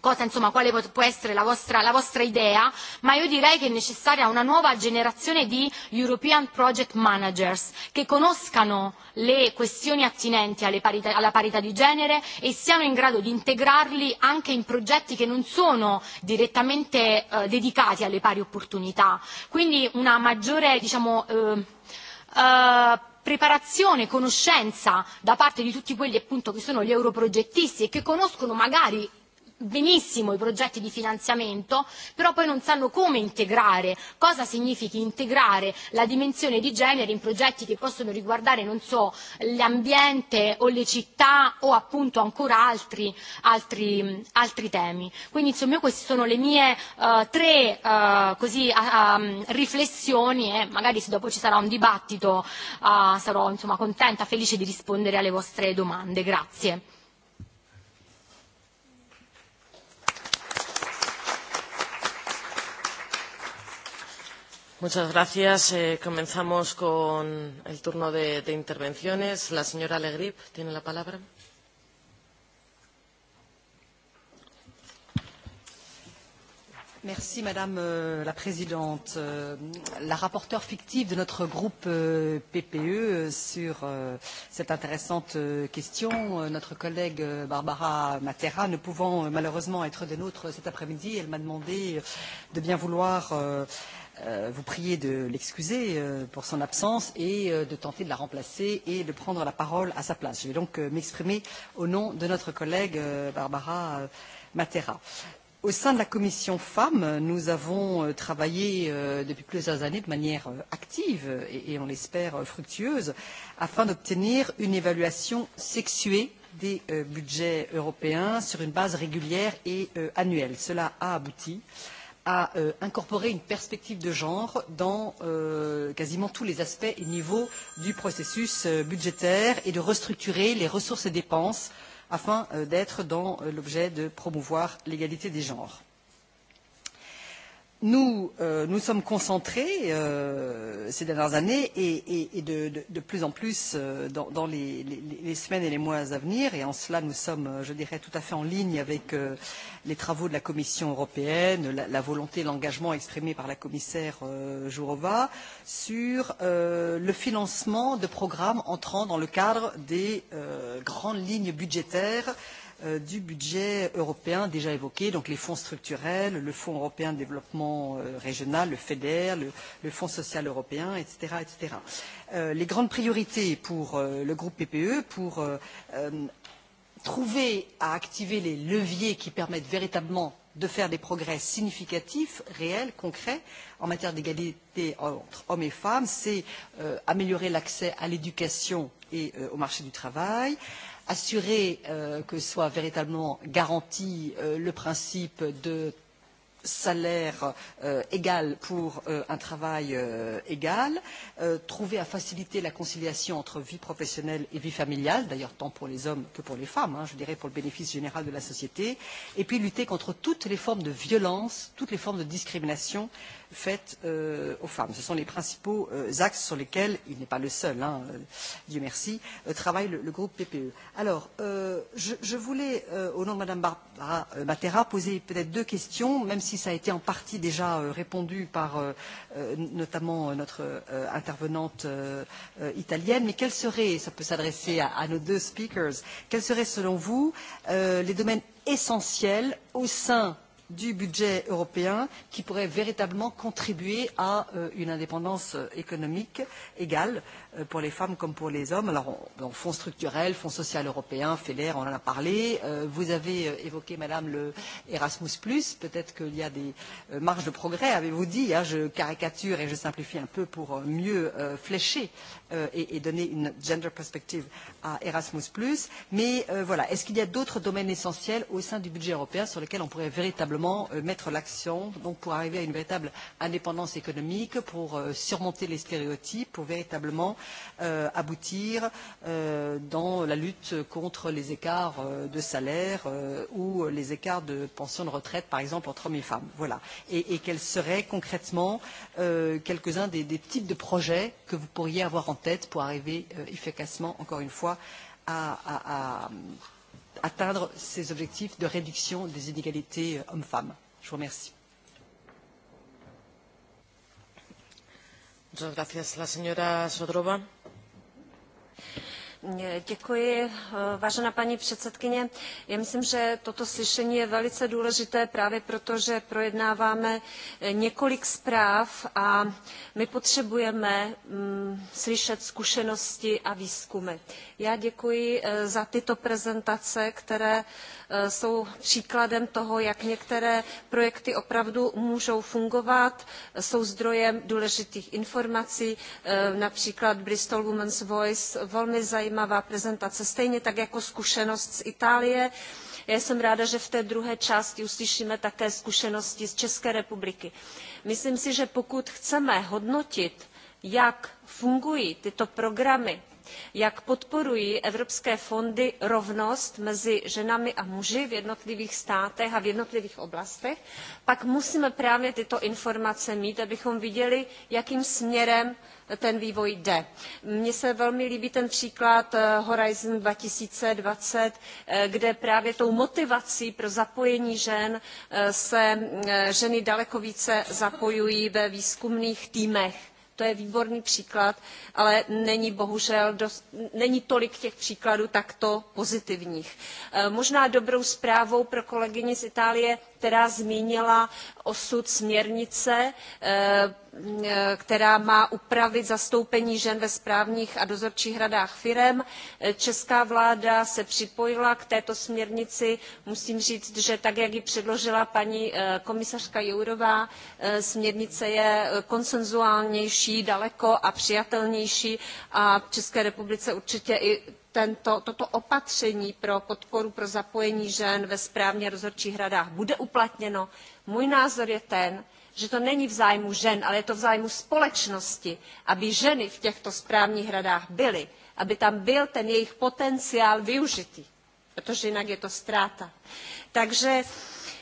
D: cosa insomma quale può essere la vostra, la vostra idea, ma io direi che è necessaria una nuova generazione di European Project Managers che conoscano le questioni attinenti alle alla parità di genere e siano in grado di integrarli anche in progetti che non sono direttamente eh, dedicati alle pari opportunità. Quindi una maggiore diciamo, eh, eh, preparazione, conoscenza da parte di tutti quelli appunto che sono gli europrogettisti e che conoscono magari benissimo i progetti di finanziamento però poi non sanno come integrare cosa significhi integrare la dimensione di genere in progetti che possono riguardare non so l'ambiente o le città o appunto ancora altri altri altri temi quindi insomma queste sono le mie eh, tre eh, così riflessioni e magari se dopo ci sarà un dibattito eh, sarò insomma contenta felice di rispondere alle vostre
A: domande grazie Muchas gracias. Eh, comenzamos con el turno de, de intervenciones. La señora Legrip tiene la palabra.
E: Merci Madame euh, la Présidente. Euh, la rapporteure fictive de notre groupe euh, PPE sur cette intéressante question, notre collègue Barbara Matera, ne pouvant malheureusement être des nôtres cet après-midi, elle m'a demandé de bien vouloir vous prier de l'excuser pour son absence et de tenter de la remplacer et de prendre la parole à sa place. Je vais donc m'exprimer au nom de notre collègue Barbara Matera. Au sein de la commission femmes, nous avons euh, travaillé euh, depuis plusieurs années de manière euh, active et on l'espère fructueuse afin d'obtenir une évaluation sexuée des budgets européens sur une base régulière et annuelle. Cela a abouti à incorporer une perspective de genre dans quasiment tous les aspects et niveaux du processus budgétaire et de restructurer les ressources et dépenses afin euh, d'être dans euh, l'objet de promouvoir l'égalité des genres nous euh, nous sommes concentrés euh, ces dernières années et, et, et de, de, de plus en plus euh, dans, dans les, semaines et les mois à venir et en cela nous sommes je dirais tout à fait en ligne avec les travaux de la Commission européenne, la, volonté volonté, l'engagement exprimé par la commissaire Jourova sur le financement de programmes entrant dans le cadre des grandes lignes budgétaires Euh, du budget européen déjà évoqué, donc les fonds structurels, le Fonds européen de développement euh, régional, le FEDER, le, le Fonds social européen, etc. etc. Euh, les grandes priorités pour le groupe PPE, pour trouver à activer les leviers qui permettent véritablement de faire des progrès significatifs, réels, concrets en matière d'égalité entre hommes et femmes, c'est euh, améliorer l'accès à l'éducation et euh, au marché du travail, assurer euh, que soit véritablement garanti euh, le principe de salaire euh, égal pour un travail égal, trouver à faciliter la conciliation entre vie professionnelle et vie familiale, d'ailleurs tant pour les hommes que pour les femmes, hein, je dirais pour le bénéfice général de la société, et puis lutter contre toutes les formes de violence, toutes les formes de discrimination faites euh, aux femmes. Ce sont les principaux euh, axes sur lesquels, il n'est pas le seul, hein, euh, Dieu merci, euh, travaille le, le, groupe PPE. Alors, euh, je, je, voulais, au nom de Mme Barbara Matera, poser peut-être deux questions, même si ça a été en partie déjà répondu par notamment notre intervenante italienne, mais quels seraient, ça peut s'adresser à, à, nos deux speakers, quels seraient selon vous les domaines essentiels au sein du budget européen qui pourrait véritablement contribuer à euh, une indépendance euh, économique égale euh, pour les femmes comme pour les hommes. Alors, on, on, fonds structurel, fonds social européen, FEDER, on en a parlé. Vous avez évoqué, madame, le Erasmus+. Peut-être qu'il y a des marges de progrès, avez-vous dit. Hein, je caricature et je simplifie un peu pour mieux euh, flécher euh, et, et donner une gender perspective à Erasmus+. Mais euh, voilà, est-ce qu'il y a d'autres domaines essentiels au sein du budget européen sur lesquels on pourrait véritablement comment euh, mettre l'action donc pour arriver à une véritable indépendance économique, pour euh, surmonter les stéréotypes, pour véritablement euh, aboutir dans la lutte contre les écarts de salaire ou les écarts de pension de retraite, par exemple, entre hommes et femmes. Voilà. Et, et quels seraient concrètement quelques-uns des, des types de projets que vous pourriez avoir en tête pour arriver efficacement, encore une fois, à, à, à atteindre ces objectifs de réduction des inégalités euh, hommes femmes.
A: je vous remercie. gracias. La señora Sodrova.
F: Děkuji, eh, vážená paní předsedkyně. Já myslím, že toto slyšení je velice důležité právě protože že projednáváme eh, několik zpráv a my potřebujeme mm, slyšet zkušenosti a výzkumy. Já děkuji eh, za tyto prezentace, které E, jsou příkladem toho jak některé projekty opravdu můžou fungovat jsou zdrojem důležitých informací e, například bristol women's voice velmi zajímavá prezentace stejně tak jako zkušenost z itálie. já jsem ráda že v té druhé části uslyšíme také zkušenosti z české republiky. myslím si že pokud chceme hodnotit jak fungují tyto programy jak podporují evropské fondy rovnost mezi ženami a muži v jednotlivých státech a v jednotlivých oblastech pak musíme právě tyto informace mít abychom viděli jakým směrem ten vývoj jde. mně se velmi líbí ten příklad horizont two thousand and twenty kde právě tou motivací pro zapojení žen eh, se eh, ženy daleko více zapojují ve výzkumných týmech to je výborný příklad ale není bohužel dost, není tolik těch příkladů takto pozitivních. E, možná dobrou zprávou pro kolegyně z itálie která zmínila osud směrnice eh, eh, která má upravit zastoupení žen ve správních a dozorčích radách firem. Eh, česká vláda se připojila k této směrnici musím říct že tak jak ji předložila paní komisařka jourová směrnice je konsensuálnější daleko a přijatelnější a české republice určitě i toto opatření pro podporu pro zapojení žen ve správně rozhodčích radách bude uplatněno. Můj názor je ten, že to není v zájmu žen, ale je to v zájmu společnosti, aby ženy v těchto správních radách byly, aby tam byl ten jejich potenciál využitý, protože jinak je to ztráta. Takže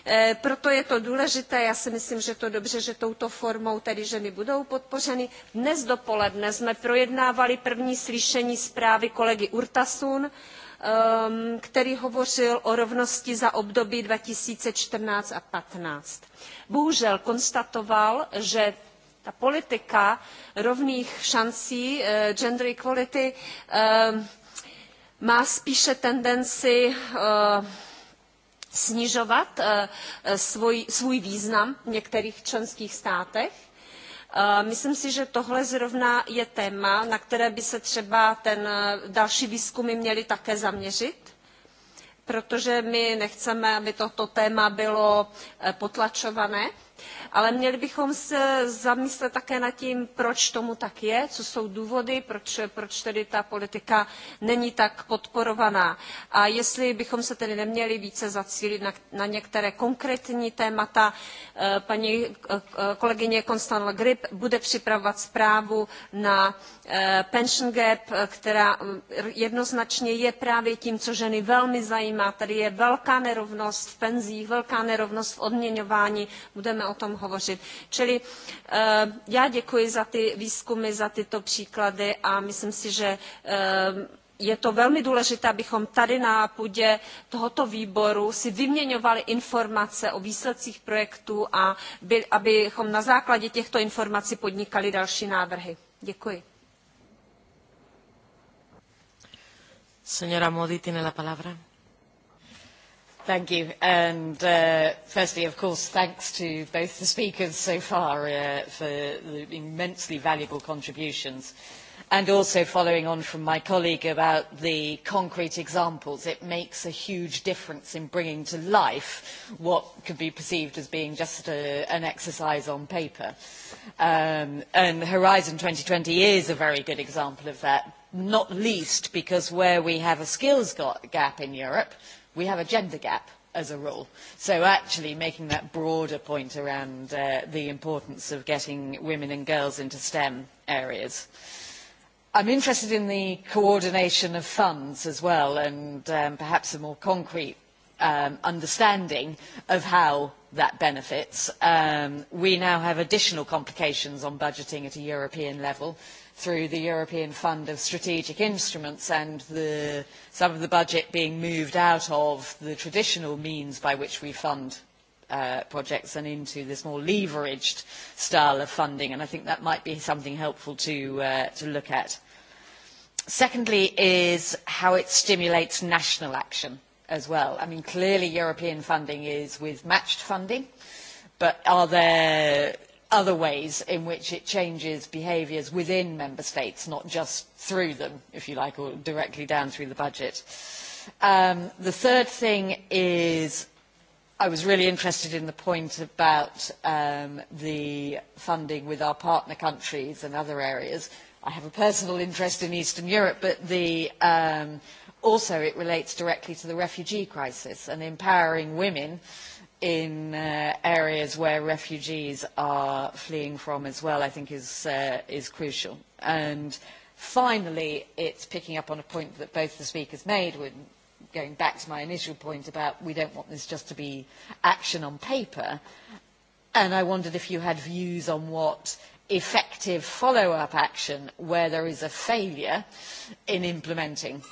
F: Eh, proto je to důležité já si myslím že to dobře že touto formou tedy ženy budou podpořeny. dnes dopoledne jsme projednávali první slyšení zprávy kolegy urtasuna ehm, který hovořil o rovnosti za období 2014 a two thousand fifteen bohužel konstatoval že ta politika rovných šancí eh, gender equality ehm, má spíše tendenci eh, snižovat eh, eh, svůj, svůj význam v některých členských státech. Eh, myslím si, že tohle zrovna je téma, na které by se třeba ten další výzkumy měly také zaměřit protože my nechceme, aby toto téma bylo potlačované ale měli bychom se zamyslet také nad tím proč tomu tak je co jsou důvody proč, proč tedy ta politika není tak podporovaná a jestli bychom se tedy neměli více zacílit na, na některé konkrétní témata. Eh, paní eh, kolegyně Konstantin grip bude připravovat zprávu na eh, pension gap která jednoznačně je právě tím co ženy velmi zajímá tady je velká nerovnost v penzích velká nerovnost v odměňování budeme o tom hovořit. Čili eh, já děkuji za ty výzkumy, za tyto příklady a myslím si, že eh, je to velmi důležité abychom tady na půdě tohoto výboru si vyměňovali informace o výsledcích projektů a abychom na základě těchto informací podnikali další návrhy. Děkuji.
A: Señora Modi tiene la palabra. Thank you. And uh, firstly, of course,
B: thanks to both the speakers so far uh, for the immensely valuable contributions. And also following on from my colleague about the concrete examples, it makes a huge difference in bringing to life what could be perceived as being just a, an exercise on paper. Um, and Horizon 2020 is a very good example of that, not least because where we have a skills gap in Europe, we have a gender gap as a rule. So actually making that broader point around uh, the importance of getting women and girls into STEM areas. I'm interested in the coordination of funds as well and um, perhaps a more concrete um, understanding of how that benefits. Um, we now have additional complications on budgeting at a European level through the European Fund of Strategic Instruments and the, some of the budget being moved out of the traditional means by which we fund uh, projects and into this more leveraged style of funding. And I think that might be something helpful to, uh, to look at. Secondly is how it stimulates national action as well. I mean, clearly European funding is with matched funding, but are there other ways in which it changes behaviours within member states, not just through them, if you like, or directly down through the budget. Um, the third thing is I was really interested in the point about um, the funding with our partner countries and other areas. I have a personal interest in Eastern Europe, but the, um, also it relates directly to the refugee crisis and empowering women in uh, areas where refugees are fleeing from as well, I think is, uh, is crucial. And finally, it's picking up on a point that both the speakers made, when going back to my initial point about we don't want this just to be action on paper. And I wondered if you had views on what effective follow-up action, where there is a failure in implementing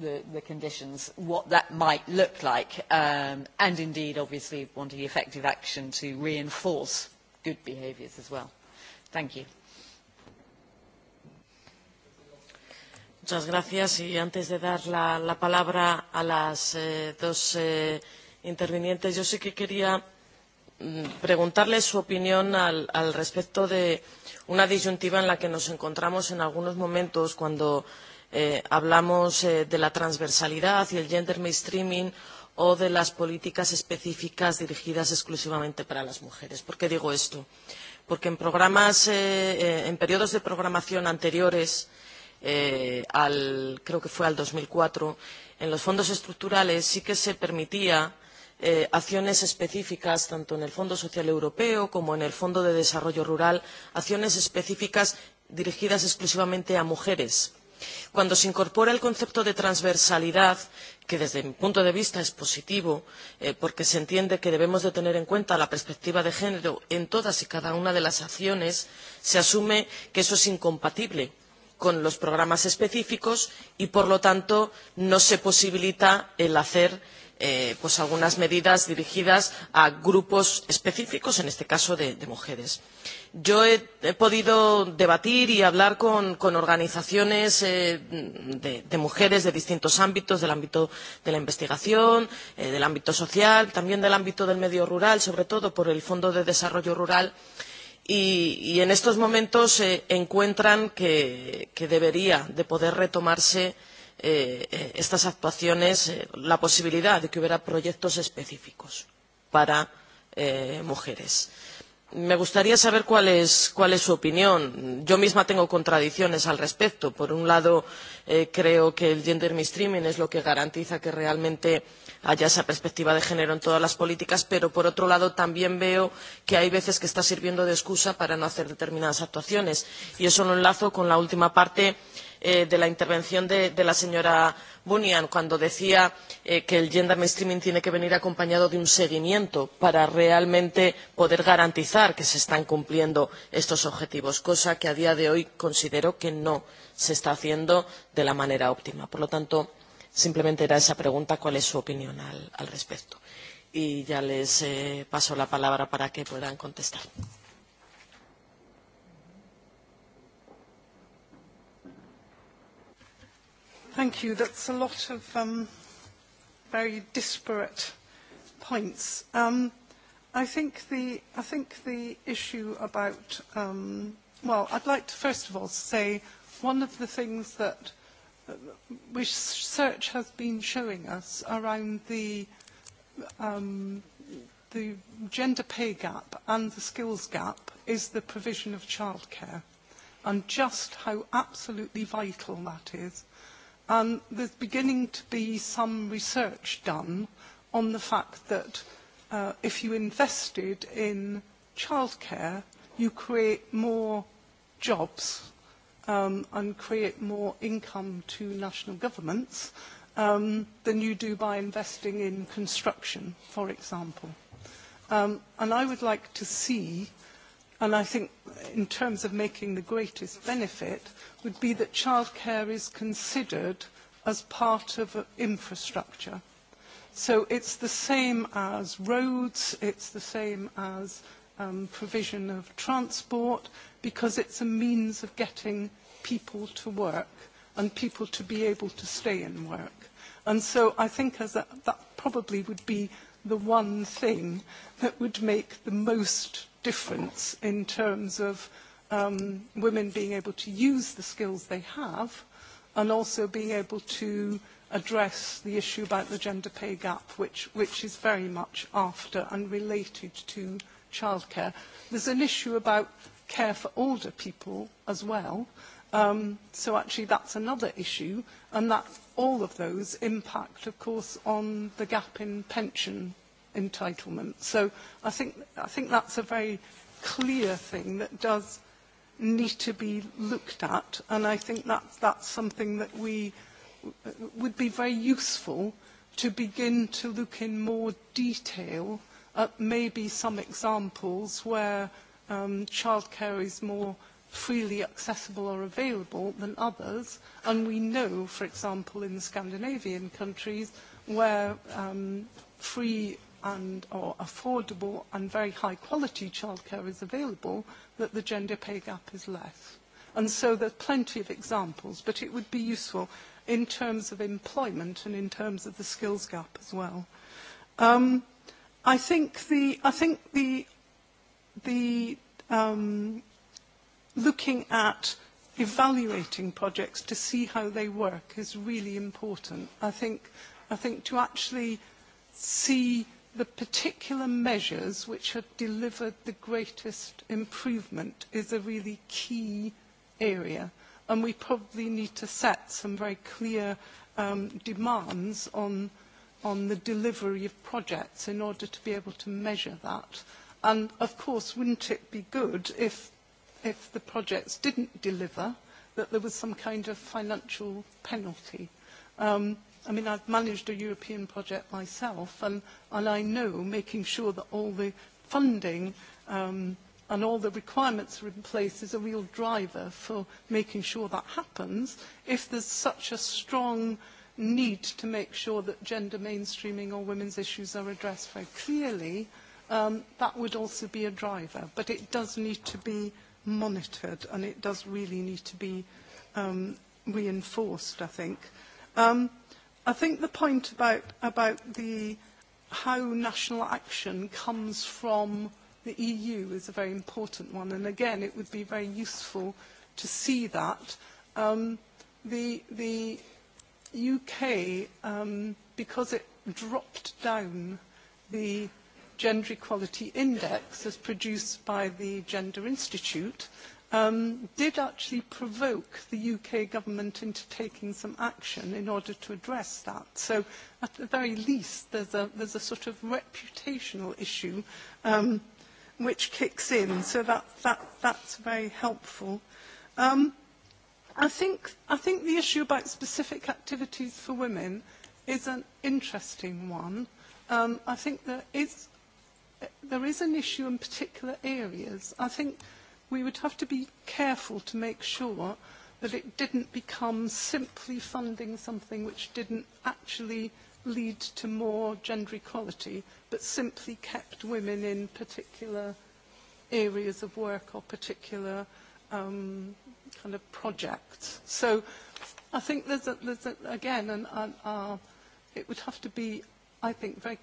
B: the, the conditions, what that might look like, um, and indeed, obviously, wanting effective action to
A: reinforce good behaviours as well. Thank you. Muchas gracias. Y antes de dar la, la palabra a las eh, dos eh, intervinientes, yo sí que quería mm, preguntarle su opinión al, al respecto de una disyuntiva en la que nos encontramos en algunos momentos cuando Eh, hablamos eh, de la transversalidad y el gender mainstreaming o de las políticas específicas dirigidas exclusivamente para las mujeres. ¿Por qué digo esto? Porque en, programas, eh, en periodos de programación anteriores, al, creo que fue al 2004, en los fondos estructurales sí que se permitía acciones específicas, tanto en el Fondo Social Europeo como en el Fondo de Desarrollo Rural, acciones específicas dirigidas exclusivamente a mujeres cuando se incorpora el concepto de transversalidad que desde mi punto de vista es positivo eh, porque se entiende que debemos de tener en cuenta la perspectiva de género en todas y cada una de las acciones se asume que eso es incompatible con los programas específicos y por lo tanto no se posibilita el hacer eh, pues algunas medidas dirigidas a grupos específicos, en este caso de, de mujeres. Yo he, podido debatir y hablar con, con organizaciones eh, de, de mujeres de distintos ámbitos, del ámbito de la investigación, eh, del ámbito social, también del ámbito del medio rural, sobre todo por el Fondo de Desarrollo Rural, y, y en estos momentos eh, encuentran que, que debería de poder retomarse Eh, eh, estas actuaciones eh, la posibilidad de que hubiera proyectos específicos para eh, mujeres. Me gustaría saber cuál es, cuál es su opinión. Yo misma tengo contradicciones al respecto. Por un lado, eh, creo que el gender mainstreaming es lo que garantiza que realmente haya esa perspectiva de género en todas las políticas pero por otro lado también veo que hay veces que está sirviendo de excusa para no hacer determinadas actuaciones y eso lo enlazo con la última parte eh, de la intervención de, de la señora Bunyan cuando decía eh, que el gender mainstreaming tiene que venir acompañado de un seguimiento para realmente poder garantizar que se están cumpliendo estos objetivos cosa que a día de hoy considero que no se está haciendo de la manera óptima por lo tanto Simplemente era esa pregunta, cuál es su opinión al, al respecto. Y ya les eh, paso la palabra para
C: que puedan contestar. Thank you. That's a lot of um, very disparate points. Um, I think the I think the issue about um, well, I'd like to first of all say one of the things that research has been showing us around the um, the gender pay gap and the skills gap is the provision of childcare and just how absolutely vital that is. And there's beginning to be some research done on the fact that uh, if you invested in childcare, you create more jobs um, and create more income to national governments um, than you do by investing in construction, for example. Um, and I would like to see, and I think in terms of making the greatest benefit, would be that childcare is considered as part of infrastructure. So it's the same as roads, it's the same as um, provision of transport, because it's a means of getting people to work and people to be able to stay in work. And so I think as a, that probably would be the one thing that would make the most difference in terms of um, women being able to use the skills they have and also being able to address the issue about the gender pay gap, which, which is very much after and related to childcare. There's an issue about care for older people as well. Um, so actually that's another issue, and that all of those impact, of course, on the gap in pension entitlement. So I think, I think that's a very clear thing that does need to be looked at, and I think that that's something that we would be very useful to begin to look in more detail at maybe some examples where um, childcare is more freely accessible or available than others. And we know, for example, in the Scandinavian countries, where um, free and or affordable and very high quality childcare is available, that the gender pay gap is less. And so are plenty of examples, but it would be useful in terms of employment and in terms of the skills gap as well. Um, I think the, I think the the um, looking at evaluating projects to see how they work is really important. I think, I think to actually see the particular measures which have delivered the greatest improvement is a really key area. And we probably need to set some very clear um, demands on, on the delivery of projects in order to be able to measure that. And of course, wouldn't it be good if, if the projects didn't deliver, that there was some kind of financial penalty? Um, I mean, I've managed a European project myself, and, I know making sure that all the funding um, and all the requirements are in place is a real driver for making sure that happens if there's such a strong need to make sure that gender mainstreaming or women's issues are addressed very clearly um, that would also be a driver. But it does need to be monitored and it does really need to be um, reinforced, I think. Um, I think the point about, about the, how national action comes from the EU is a very important one. And again, it would be very useful to see that. Um, the, the UK, um, because it dropped down the Gender Equality Index, as produced by the Gender Institute, um, did actually provoke the UK government into taking some action in order to address that. So at the very least, there's a, there's a sort of reputational issue um, which kicks in. So that, that, that's very helpful. Um, I, think, the issue about specific activities for women is an interesting one. I think there is there is an issue in particular areas. I think we would have to be careful to make sure that it didn't become simply funding something which didn't actually lead to more gender equality, but simply kept women in particular areas of work or particular um, kind of projects. So I think there's, a, there's a, again, an, an, uh, it would have to be, I think, very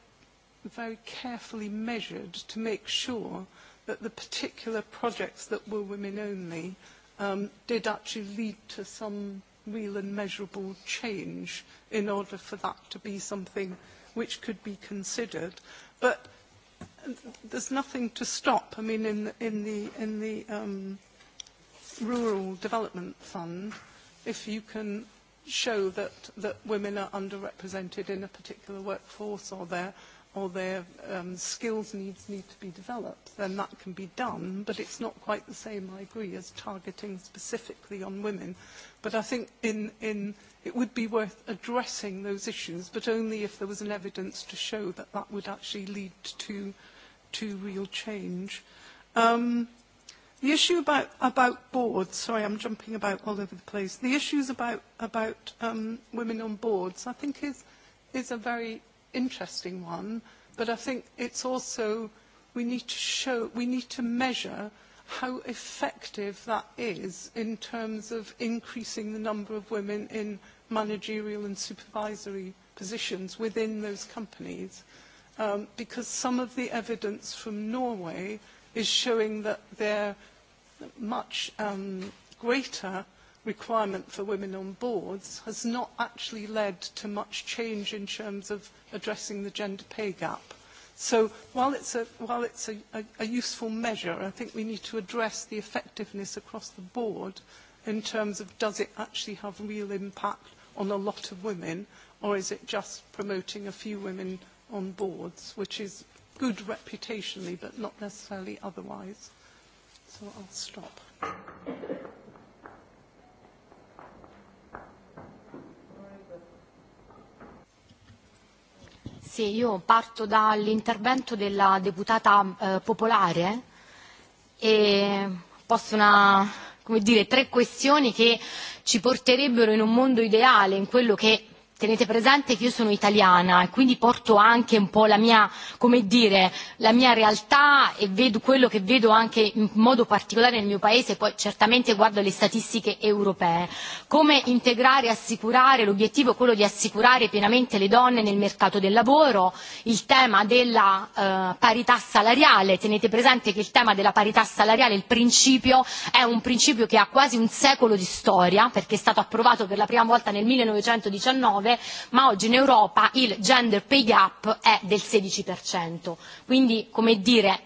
C: very carefully measured to make sure that the particular projects that were women only um, did actually lead to some real and measurable change in order for that to be something which could be considered. But um, there's nothing to stop. I mean, in, the, in the, in the um, Rural Development Fund, if you can show that, that women are underrepresented in a particular workforce or they're or their um, skills needs need to be developed, then that can be done, but it's not quite the same, I agree, as targeting specifically on women. But I think in, in, it would be worth addressing those issues, but only if there was an evidence to show that that would actually lead to, to real change. Um, the issue about, about boards, sorry, I'm jumping about all over the place. The issues about, about um, women on boards, I think, is, is a very interesting one, but I think it's also we need to show, we need to measure how effective that is in terms of increasing the number of women in managerial and supervisory positions within those companies. Um, because some of the evidence from Norway is showing that they're much um, greater requirement for women on boards has not actually led to much change in terms of addressing the gender pay gap. So while it's a, while it's a, a, a useful measure, I think we need to address the effectiveness across the board in terms of does it actually have real impact on a lot of women or is it just promoting a few women on boards, which is good reputationally but not necessarily otherwise. So I'll stop.
D: io parto dall'intervento della deputata eh, popolare e posso una, come dire, tre questioni che ci porterebbero in un mondo ideale, in quello che tenete presente che io sono italiana e quindi porto anche un po' la mia, come dire, la mia realtà e vedo quello che vedo anche in modo particolare nel mio paese, poi certamente guardo le statistiche europee. Come integrare e assicurare, l'obiettivo è quello di assicurare pienamente le donne nel mercato del lavoro, il tema della eh, parità salariale, tenete presente che il tema della parità salariale, il principio, è un principio che ha quasi un secolo di storia, perché è stato approvato per la prima volta nel 1919, 2009, ma oggi in Europa il gender pay gap è del 16%. Quindi, come dire,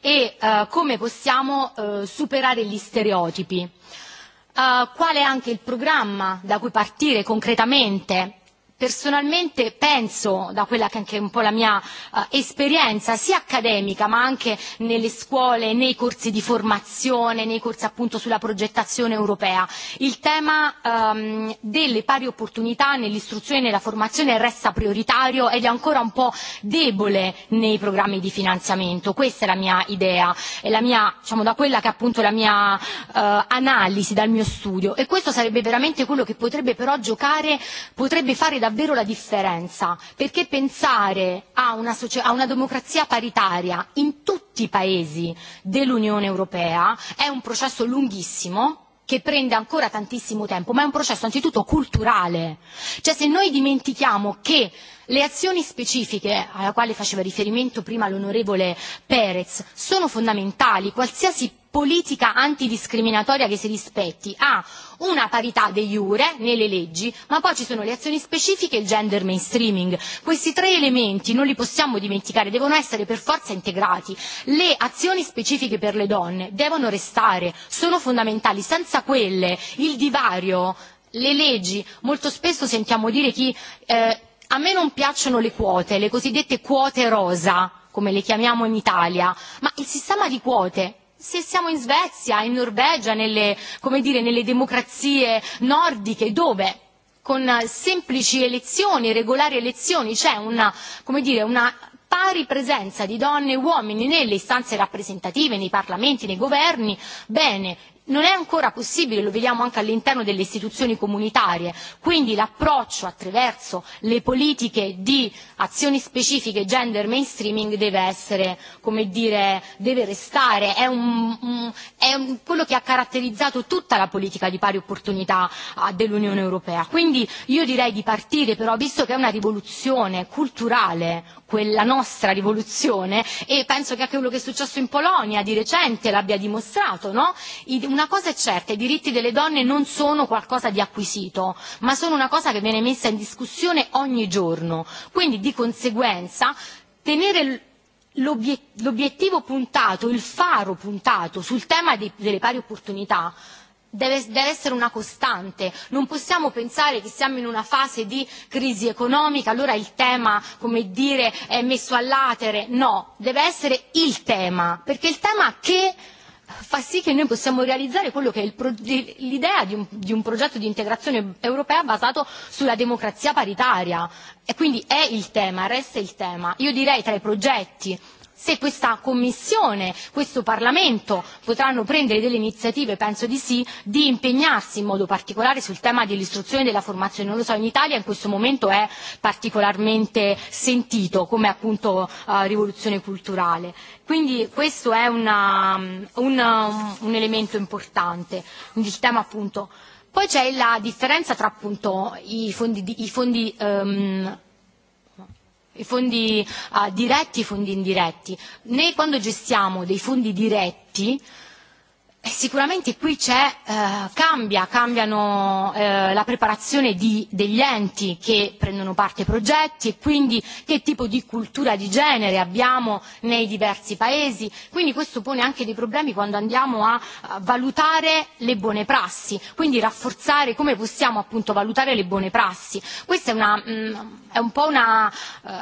D: e eh, come possiamo eh, superare gli stereotipi. Eh, qual è anche il programma da cui partire concretamente personalmente penso da quella che è anche un po' la mia eh, esperienza sia accademica ma anche nelle scuole nei corsi di formazione nei corsi appunto sulla progettazione europea il tema ehm, delle pari opportunità nell'istruzione e nella formazione resta prioritario ed è ancora un po' debole nei programmi di finanziamento questa è la mia idea È la mia diciamo da quella che è appunto la mia eh, analisi dal mio studio e questo sarebbe veramente quello che potrebbe però giocare potrebbe fare davvero la differenza perché pensare a una, a una democrazia paritaria in tutti i paesi dell'Unione Europea è un processo lunghissimo che prende ancora tantissimo tempo, ma è un processo anzitutto culturale. Cioè se noi dimentichiamo che le azioni specifiche alla quale faceva riferimento prima l'onorevole Perez sono fondamentali, qualsiasi politica antidiscriminatoria che si rispetti ha una parità de iure nelle leggi, ma poi ci sono le azioni specifiche e il gender mainstreaming. Questi tre elementi non li possiamo dimenticare, devono essere per forza integrati. Le azioni specifiche per le donne devono restare, sono fondamentali, senza quelle il divario le leggi molto spesso sentiamo dire chi eh, a me non piacciono le quote le cosiddette quote rosa come le chiamiamo in Italia ma il sistema di quote se siamo in Svezia, in Norvegia, nelle, come dire, nelle democrazie nordiche, dove con eh, semplici elezioni, regolari elezioni, c'è una, come dire, una pari presenza di donne e uomini nelle istanze rappresentative, nei parlamenti, nei governi, bene, non è ancora possibile lo vediamo anche all'interno delle istituzioni comunitarie quindi l'approccio attraverso le politiche di azioni specifiche gender mainstreaming deve essere come dire deve restare è un è quello che ha caratterizzato tutta la politica di pari opportunità ah, dell'Unione Europea quindi io direi di partire però visto che è una rivoluzione culturale quella nostra rivoluzione e penso che anche quello che è successo in Polonia di recente l'abbia dimostrato no una cosa è certa i diritti delle donne non sono qualcosa di acquisito ma sono una cosa che viene messa in discussione ogni giorno quindi di conseguenza tenere l'obiettivo puntato il faro puntato sul tema delle pari opportunità deve, deve essere una costante non possiamo pensare che siamo in una fase di crisi economica allora il tema come dire è messo all'atere no deve essere il tema perché il tema che fa sì che noi possiamo realizzare quello che è l'idea di, di un progetto di integrazione europea basato sulla democrazia paritaria e quindi è il tema resta il tema io direi tra i progetti se questa Commissione, questo Parlamento potranno prendere delle iniziative, penso di sì, di impegnarsi in modo particolare sul tema dell'istruzione e della formazione. Non lo so, in Italia in questo momento è particolarmente sentito come appunto eh, rivoluzione culturale. Quindi questo è una, un, elemento importante, un appunto. Poi c'è la differenza tra appunto i fondi, ehm, i fondi uh, diretti e i fondi indiretti. Noi quando gestiamo dei fondi diretti Eh, sicuramente qui c'è, eh, cambia, cambiano eh, la preparazione di, degli enti che prendono parte ai progetti e quindi che tipo di cultura di genere abbiamo nei diversi paesi. Quindi questo pone anche dei problemi quando andiamo a, valutare le buone prassi, quindi rafforzare come possiamo appunto valutare le buone prassi. Questa è, una, mm, è un po' una,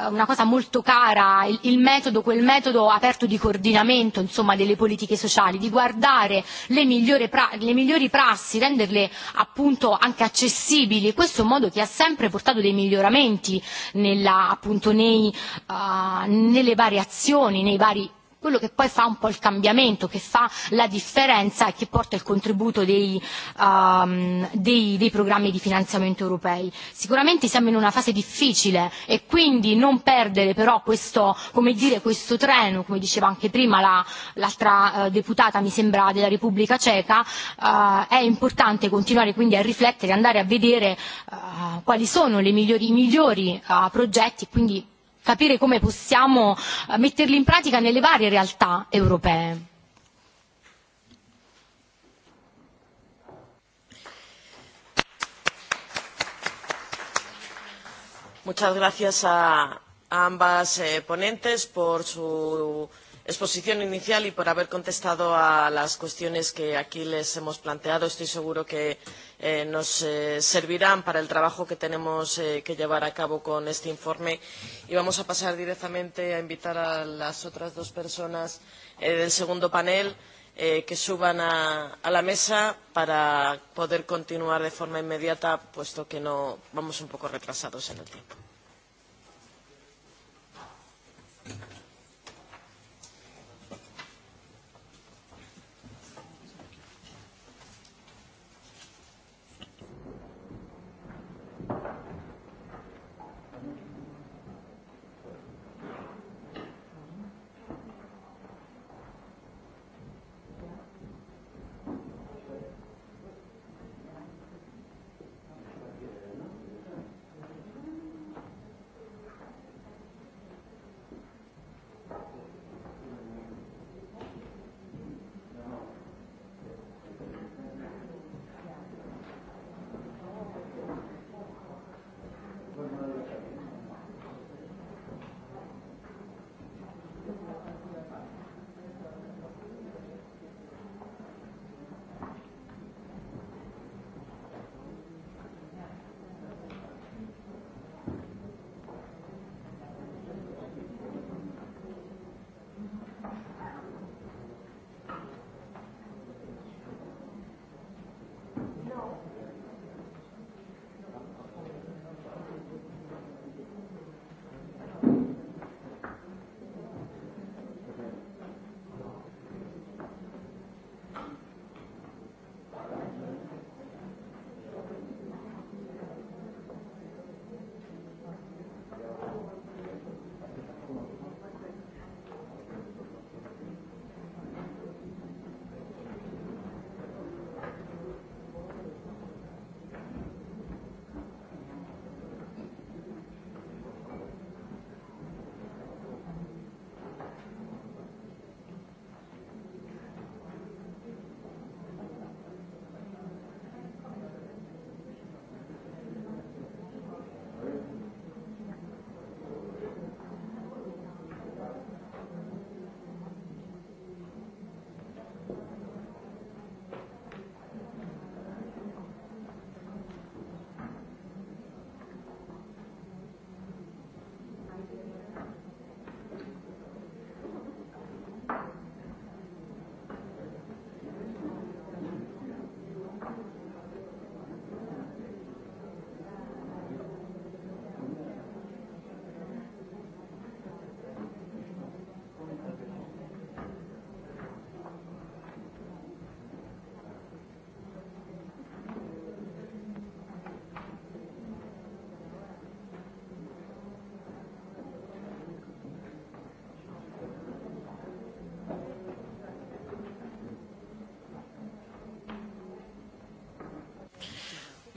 D: una cosa molto cara, il, il metodo, quel metodo aperto di coordinamento insomma, delle politiche sociali, di guardare le migliori, pra migliori prassi, renderle appunto anche accessibili. Questo è un modo che ha sempre portato dei miglioramenti nella, appunto, nei, ah, nelle varie azioni, nei vari quello che poi fa un po' il cambiamento, che fa la differenza e che porta il contributo dei, um, dei, dei programmi di finanziamento europei. Sicuramente siamo in una fase difficile e quindi non perdere però questo, come dire, questo treno, come diceva anche prima la, l'altra uh, deputata, mi sembra, della Repubblica Ceca, uh, è importante continuare quindi a riflettere, andare a vedere uh, quali sono le migliori, i migliori progetti, e quindi capire come possiamo eh, metterli in pratica nelle varie realtà europee.
A: Muchas gracias a ambas eh, ponentes por su exposición inicial y por haber contestado a las cuestiones que aquí les hemos planteado. Estoy seguro que Eh, nos eh, servirán para el trabajo que tenemos eh, que llevar a cabo con este informe y vamos a pasar directamente a invitar a las otras dos personas del segundo panel que suban a, a la mesa para poder continuar de forma inmediata puesto que no vamos un poco retrasados en el tiempo.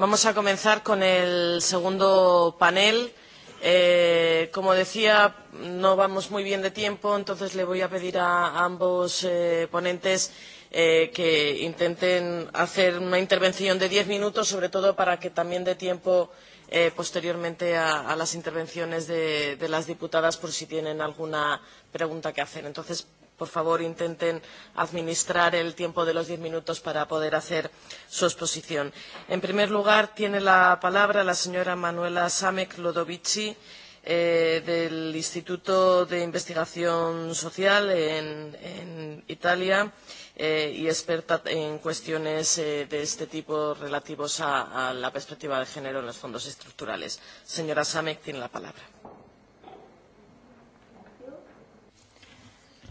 A: Vamos a comenzar con el segundo panel. Eh, como decía, no vamos muy bien de tiempo, entonces le voy a pedir a ambos eh, ponentes eh, que intenten hacer una intervención de diez minutos, sobre todo para que también dé tiempo eh, posteriormente a, a las intervenciones de, de las diputadas por si tienen alguna pregunta que hacer. Entonces, por favor, intenten administrar el tiempo de los diez minutos para poder hacer su exposición. En primer lugar, tiene la palabra la señora Manuela Samek Lodovici, eh, del Instituto de Investigación Social en, Italia eh, y experta en cuestiones eh, de este tipo relativos a, a la perspectiva de género en los fondos estructurales. Señora Samek, tiene la palabra.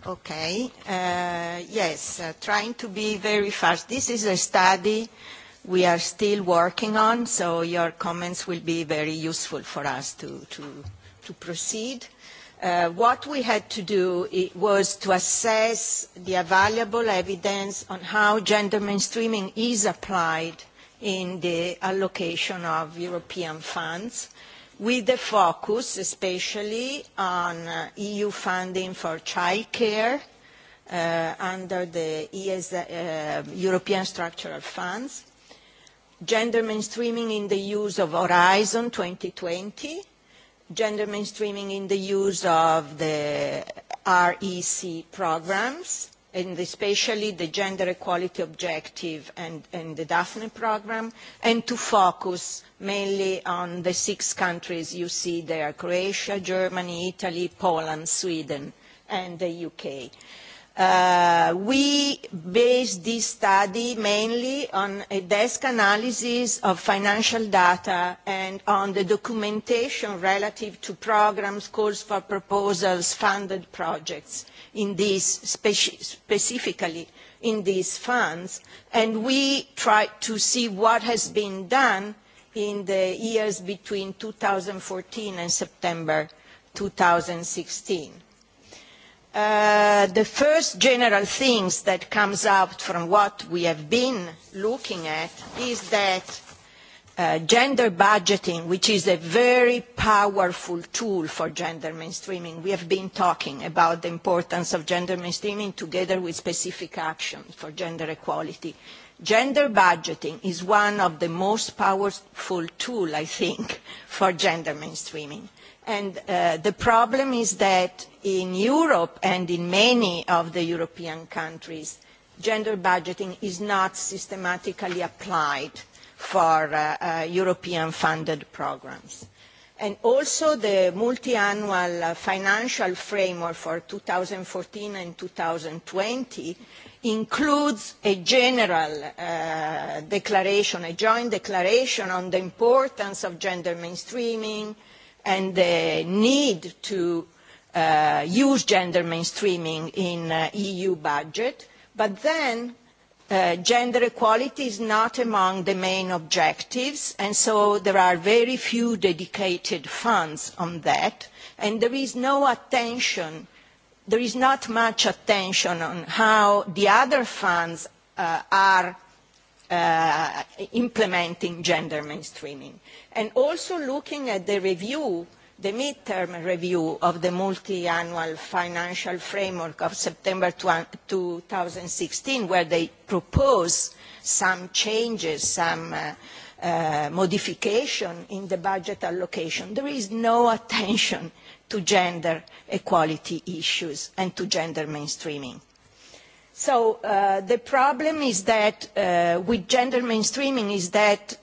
G: Okay. Uh, yes, uh, trying to be very fast. This is a study we are still working on, so your comments will be very useful for us to, to, to proceed. Uh, what we had to do it was to assess the available evidence on how gender mainstreaming is applied in the allocation of European funds with a focus especially on uh, EU funding for childcare uh, under the e uh, European Structural Funds, gender mainstreaming in the use of Horizon 2020, gender mainstreaming in the use of the REC programs, and especially the gender equality objective and, and the Daphne programme, and to focus mainly on the six countries you see there, Croatia, Germany, Italy, Poland, Sweden, and the UK. Uh, we based this study mainly on a desk analysis of financial data and on the documentation relative to programs, calls for proposals, funded projects in these specifically in these funds and we try to see what has been done in the years between 2014 and September 2016 uh, the first general things that comes out from what we have been looking at is that Uh, gender budgeting which is a very powerful tool for gender mainstreaming we have been talking about the importance of gender mainstreaming together with specific actions for gender equality gender budgeting is one of the most powerful tools i think for gender mainstreaming and uh, the problem is that in europe and in many of the european countries gender budgeting is not systematically applied for uh, uh, European funded programs. And also the multi-annual uh, financial framework for 2014 and 2020 includes a general declaration, a joint declaration on the importance of gender mainstreaming and the need to use gender mainstreaming in the EU budget. But then Uh, gender equality is not among the main objectives and so there are very few dedicated funds on that and there is no attention there is not much attention on how the other funds uh, are uh, implementing gender mainstreaming and also looking at the review the mid term review of the multi-annual financial framework of september 2016 where they propose some changes some uh, uh, modification in the budget allocation there is no attention to gender equality issues and to gender mainstreaming so uh, the problem is that uh, with gender mainstreaming is that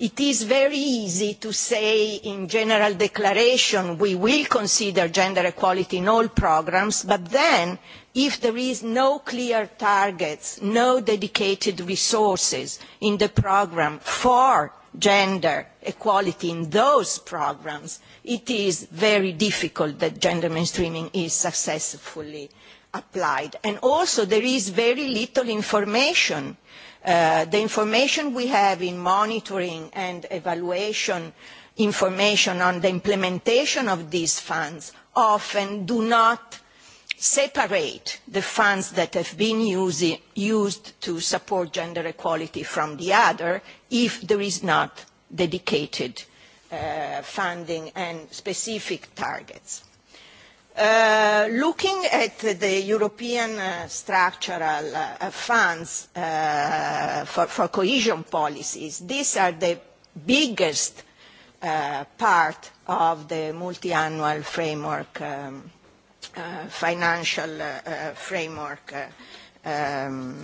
G: it is very easy to say in general declaration we will consider gender equality in all programmes but then if there is no clear targets no dedicated resources in the programme for gender equality in those programmes it is very difficult that gender mainstreaming is successfully applied and also there is very little information Uh, the information we have in monitoring and evaluation information on the implementation of these funds often do not separate the funds that have been used to support gender equality from the other if there is not dedicated uh, funding and specific targets. Uh, looking at the European uh, structural uh, funds for, cohesion policies, these are the biggest part of the multi-annual framework, um, financial framework um,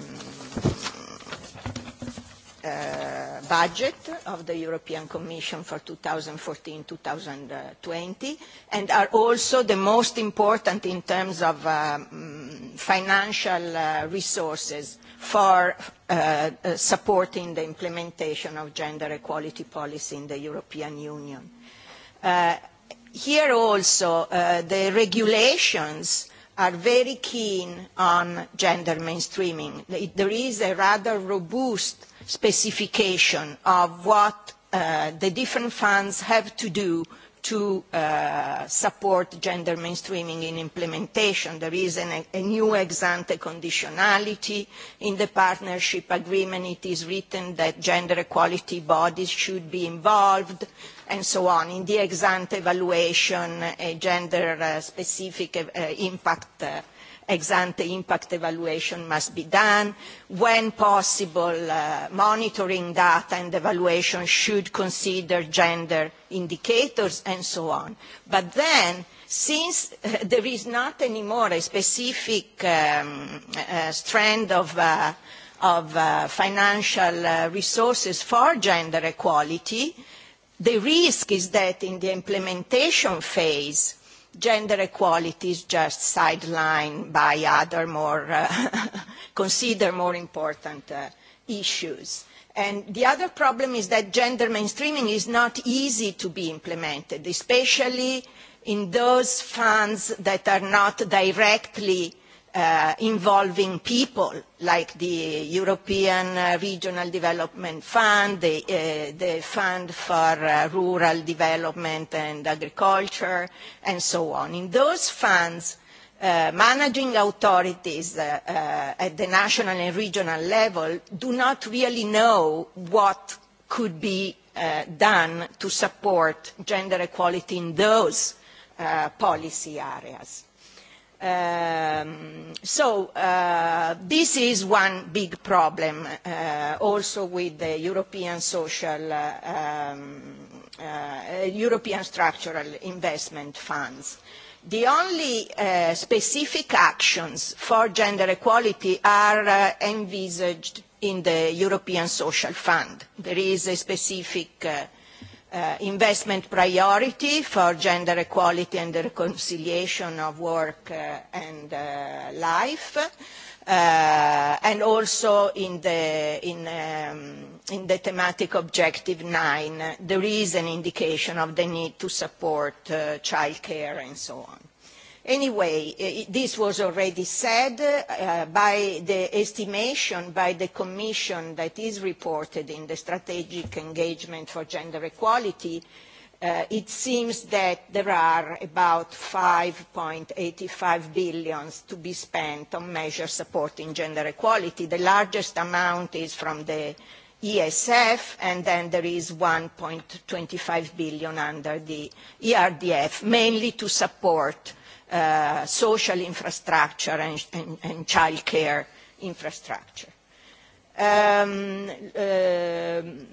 G: Uh, budget of the European Commission for 2014-2020 and are also the most important in terms of um, financial uh, resources for uh, uh supporting the implementation of gender equality policy in the European Union. Uh, here also, the regulations are very keen on gender mainstreaming. There is a rather robust specification of what uh, the different funds have to do to uh, support gender mainstreaming in implementation. There is an, a new ex-ante conditionality in the partnership agreement. It is written that gender equality bodies should be involved and so on in the ex ante evaluation a uh, gender uh, specific uh, impact ex ante impact evaluation must be done. When possible, monitoring data and evaluation should consider gender indicators and so on. But then, since there is not anymore a specific um, strand of, of financial resources for gender equality, the risk is that in the implementation phase gender equality is just sidelined by other more uh, considered more important uh, issues. And the other problem is that gender mainstreaming is not easy to be implemented, especially in those funds that are not directly Uh, involving people like the European uh, Regional Development Fund, the, uh, Fund for Rural Development and Agriculture, and so on. In those funds, managing authorities at the national and regional level do not really know what could be done to support gender equality in those policy areas. Um, so uh, this is one big problem uh, also with the European social uh, um, European structural investment funds. The only specific actions for gender equality are envisaged in the European Social Fund. There is a specific Uh, investment priority for gender equality and the reconciliation of work uh, and uh, life and also in the in, um, in the thematic objective 9 there is an indication of the need to support childcare and so on Anyway, this was already said uh, by the estimation by the Commission that is reported in the Strategic Engagement for Gender Equality. Uh, it seems that there are about 5.85 billion to be spent on measures supporting gender equality. The largest amount is from the ESF, and then there is 1.25 billion under the ERDF, mainly to support Uh, social infrastructure and, and, and childcare infrastructure. Um, um,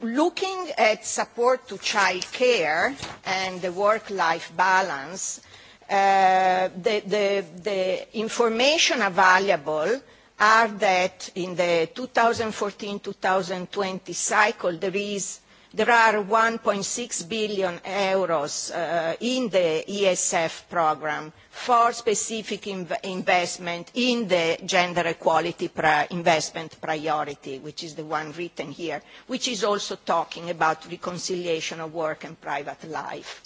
G: looking at support to childcare and the work-life balance, uh, the, the, the information available are that in the 2014-2020 cycle, there is there are 1.6 billion euros uh, in the ESF program for specific investment in the gender equality investment priority, which is the one written here, which is also talking about reconciliation of work and private life.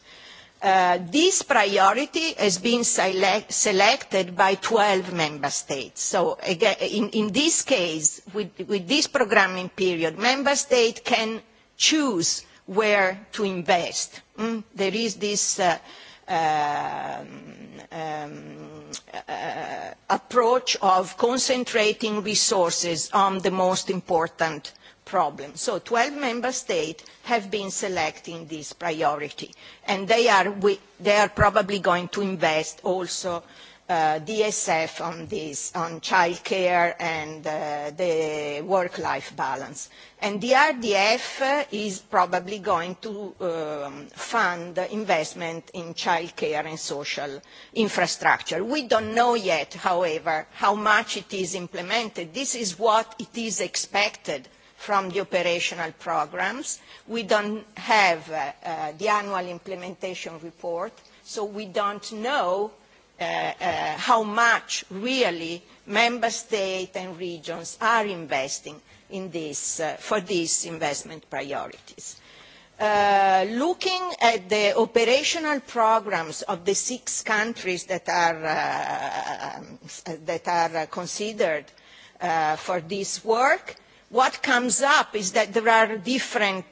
G: Uh, this priority has been selected by 12 member states. So in, this case, with this programming period, member states can choose where to invest. Mm, there is this uh, um, um, approach of concentrating resources on the most important problem. So 12 member states have been selecting this priority, and they are, they are probably going to invest also Uh, DSF on this, on childcare and uh, the work-life balance. And the RDF is probably going to um, fund investment in childcare and social infrastructure. We don't know yet, however, how much it is implemented. This is what it is expected from the operational programs. We don't have uh, the annual implementation report, so we don't know Eh, eh, how much really member states and regions are investing in this, eh, for these investment priorities. Uh, looking at the operational programs of the six countries that are, uh, uh, that are considered for this work, what comes up is that there are different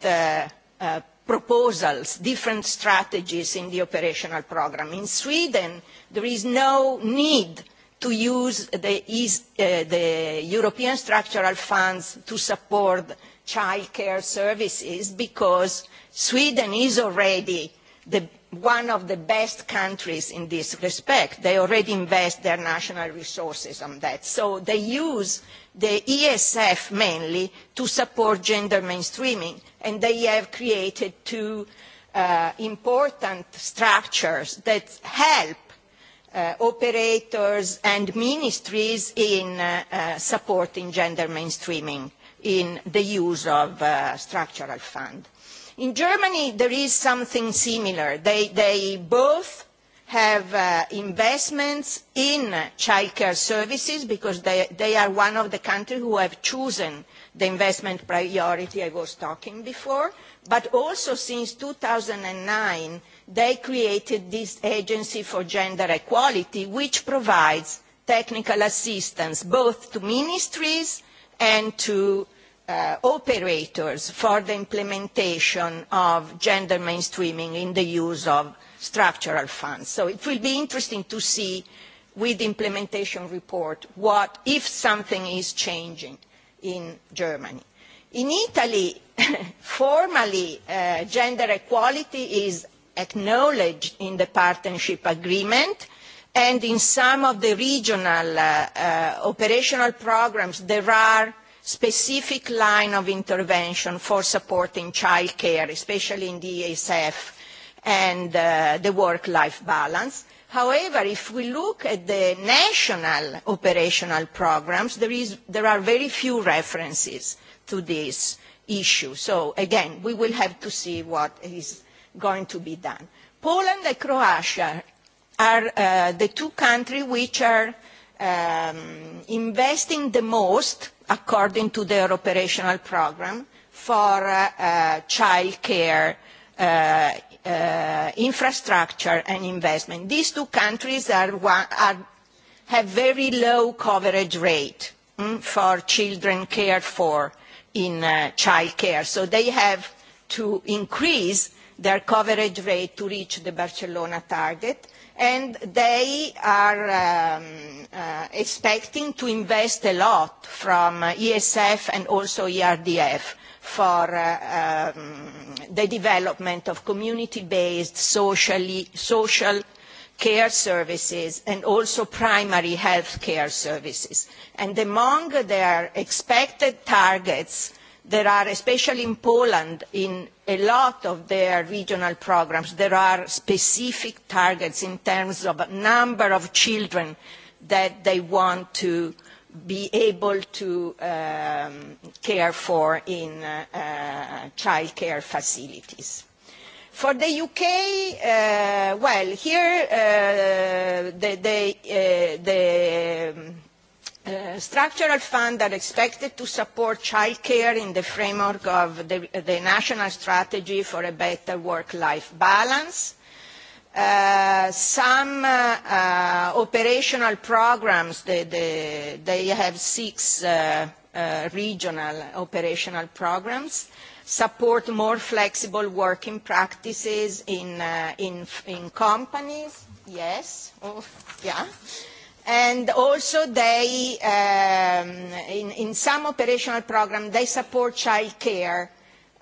G: proposals, different strategies in the operational program. In Sweden, there is no need to use the, uh, the European structural funds to support childcare services because Sweden is already the, one of the best countries in this respect. They already invest their national resources on that. So they use the ESF mainly to support gender mainstreaming, and they have created two uh, important structures that help uh, operators and ministries in uh, supporting gender mainstreaming in the use of structural funds in germany there is something similar they they both have uh, investments in childcare services because they, they are one of the countries who have chosen the investment priority I was talking before, but also since 2009 they created this agency for gender equality which provides technical assistance both to ministries and to Uh, operators for the implementation of gender mainstreaming in the use of structural funds. So it will be interesting to see with the implementation report what if something is changing in Germany. In Italy, formally, uh, gender equality is acknowledged in the partnership agreement and in some of the regional uh, operational programs there are specific line of intervention for supporting childcare, especially in the ESF and uh, the work-life balance. However, if we look at the national operational programs, there, are very few references to this issue. So again, we will have to see what is going to be done. Poland and Croatia are uh, the two countries which are um, investing the most according to their operational programme for uh, uh, child care uh, infrastructure and investment. These two countries are, are, have very low coverage rate mm, for children cared for in uh, child care. So they have to increase their coverage rate to reach the Barcelona target and they are um, uh, expecting to invest a lot from ESF and also ERDF for uh, um, the development of community-based social care services and also primary health care services. And among their expected targets there are especially in poland in a lot of their regional programmes there are specific targets in terms of number of children that they want to be able to um, care for in uh, uh, childcare facilities. For the UK, uh, well, here the, the, the Uh, structural funds are expected to support childcare in the framework of the, national strategy for a better work life balance uh, some uh, operational programs they have six regional operational programs support more flexible working practices in in companies yes oh, yeah and also they um, in, in some operational programmes they support child care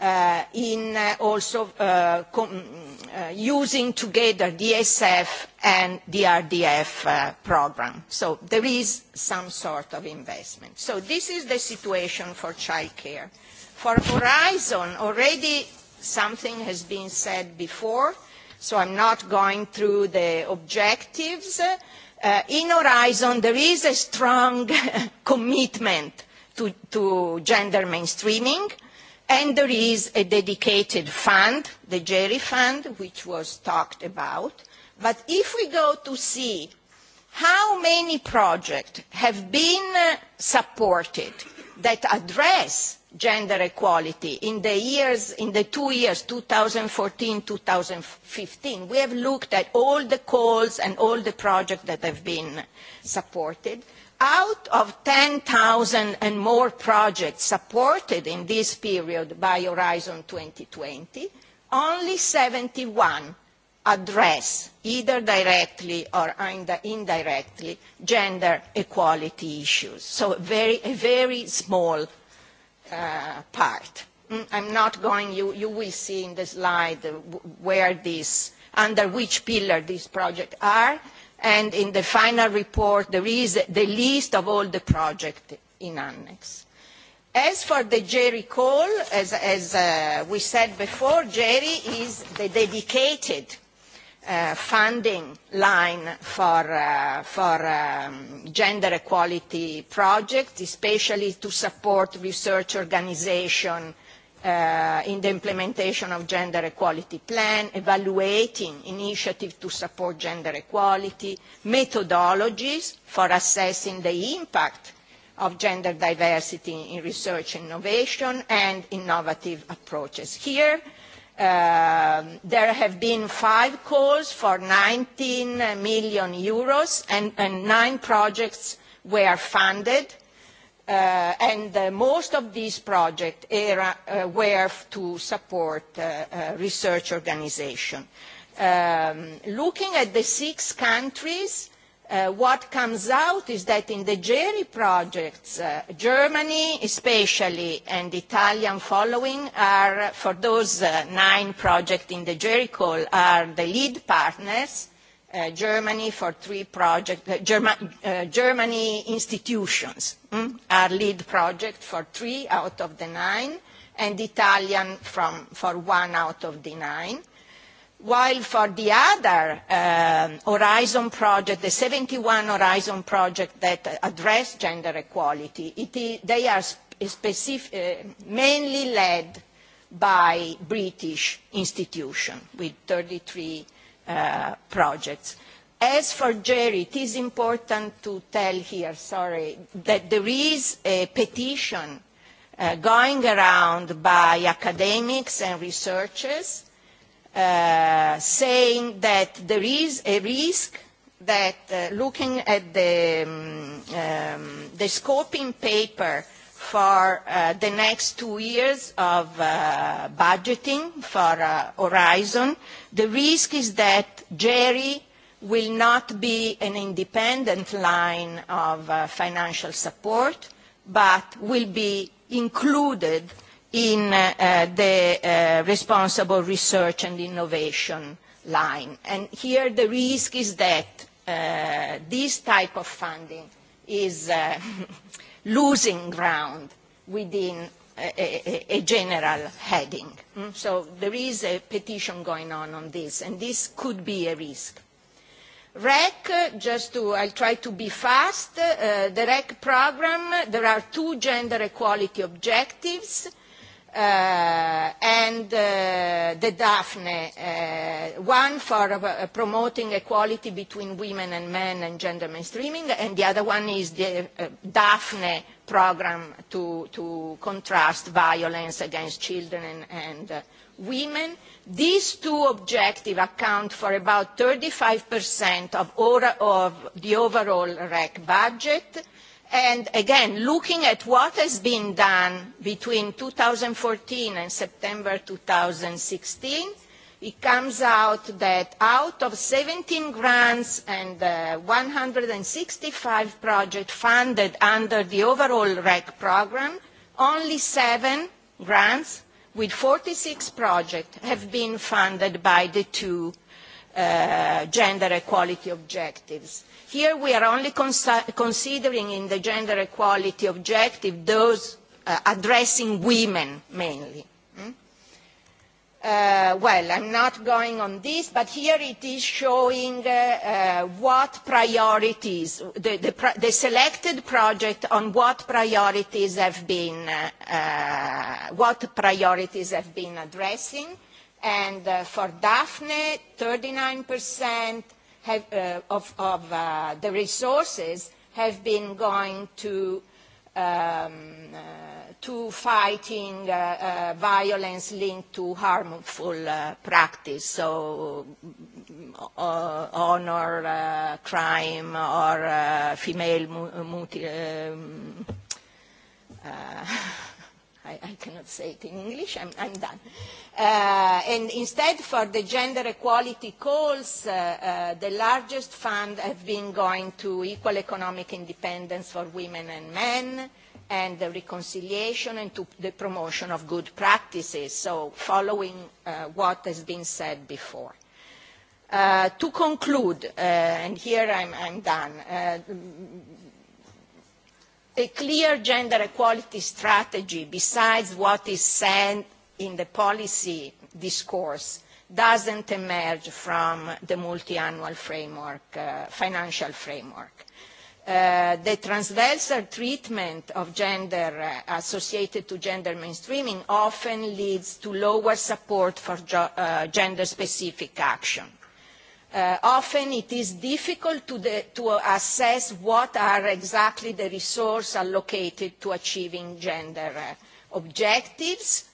G: uh, in uh, also uh, uh using together DSF and the RDF uh, program. So there is some sort of investment. So this is the situation for child care. For Horizon, already something has been said before, so I'm not going through the objectives. Uh, in Horizon, there is a strong commitment to, to gender mainstreaming, and there is a dedicated fund, the Jerry Fund, which was talked about. But if we go to see how many projects have been uh, supported that address gender equality in the years in the two years and fifteen, we have looked at all the calls and all the projects that have been supported out of 10000 and more projects supported in this period by horizon 2020 only 71 address either directly or indirectly gender equality issues so a very a very small uh, part mm, i'm not going you you will see in the slide where this under which pillar these projects are and in the final report there is the list of all the projects in annex As for the Jerry call, as, as uh, we said before, Jerry is the dedicated uh, funding line for, eh, for um, gender equality projects, especially to support research organization Uh, in the implementation of gender equality plan, evaluating initiatives to support gender equality, methodologies for assessing the impact of gender diversity in research innovation and innovative approaches. Here, Um, there have been five calls for 19 million euros and, nine projects were funded uh, and most of these projects uh, were to support uh, research organisations. Um, looking at the six countries Uh, what comes out is that in the jerry projects uh, germany especially and italian following are for those uh, nine projects in the jerry call are the lead partners germany for three projects germany institutions hmm, are lead project for three out of the nine and italian from, for one out of the nine while for the other um, horizon project the 71 horizon project that address gender equality it is, they are specific, uh, mainly led by british institutions with 33 uh, projects as for jerry it is important to tell here sorry that there is a petition uh, going around by academics and researchers Uh, saying that there is a risk that uh, looking at the, um, um, the scoping paper for uh, the next two years of budgeting for Horizon, the risk is that Jerry will not be an independent line of financial support, but will be included in uh, the uh, responsible research and innovation line. And here the risk is that uh, this type of funding is losing ground within a, general heading. Mm? So there is a petition going on on this, and this could be a risk. REC, just to, I'll try to be fast, the REC program, there are two gender equality objectives, Uh, and uh, the Daphne, uh, one for uh, promoting equality between women and men and gender mainstreaming, and the other one is the uh, Daphne program to, to contrast violence against children and, and uh, women. These two objectives account for about 35% of, of the overall REC budget and again looking at what has been done between 2014 and September 2016 it comes out that out of 17 grants and uh, 165 projects funded under the overall REC program only seven grants with 46 projects have been funded by the two uh, gender equality objectives here we are only considering in the gender equality objective those uh, addressing women mainly. Hmm? Uh, well, I'm not going on this, but here it is showing uh, uh, what priorities, the, the, the selected project on what priorities have been, what priorities have been addressing. And for Daphne, 39%, Uh, of, uh, the resources have been going to, um, uh, to fighting violence linked to harmful practice, so honor, crime, or female um, I, I cannot say it in English, I'm, I'm done. Uh, and instead for the gender equality calls, uh, uh, the largest fund have been going to equal economic independence for women and men, and the reconciliation and to the promotion of good practices, so following uh, what has been said before. Uh, to conclude, uh, and here I'm, I'm done, uh, a clear gender equality strategy besides what is said in the policy discourse doesn't emerge from the multiannual framework, uh, financial framework. Uh, the transversal treatment of gender uh, associated to gender mainstreaming often leads to lower support for uh, gender-specific action Uh, often it is difficult to, the, to assess what are exactly the resources allocated to achieving gender uh, objectives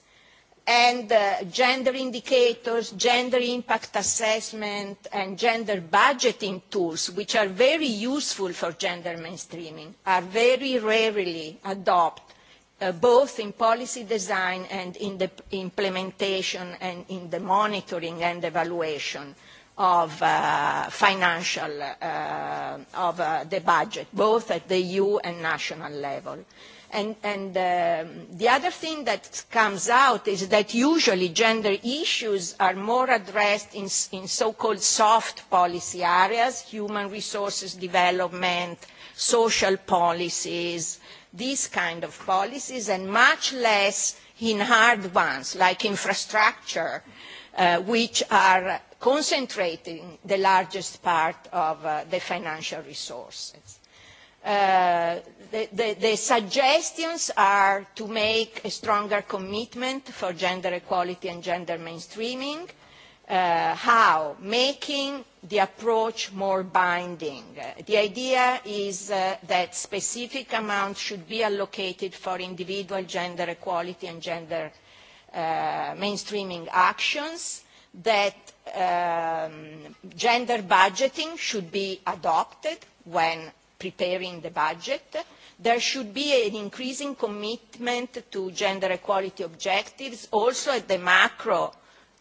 G: and uh, gender indicators, gender impact assessment and gender budgeting tools, which are very useful for gender mainstreaming, are very rarely adopted uh, both in policy design and in the implementation and in the monitoring and evaluation of uh, financial uh, of uh, the budget, both at the EU and national level. And, um, the other thing that comes out is that usually gender issues are more addressed in, in so-called soft policy areas, human resources development, social policies, these kind of policies, and much less in hard ones, like infrastructure, which are concentrating the largest part of uh, the financial resources. Uh, the, suggestions are to make a stronger commitment for gender equality and gender mainstreaming. Uh, how? Making the approach more binding. The idea is uh, that specific amounts should be allocated for individual gender equality and gender uh, mainstreaming actions that um, gender budgeting should be adopted when preparing the budget. There should be an increasing commitment to gender equality objectives also at the macro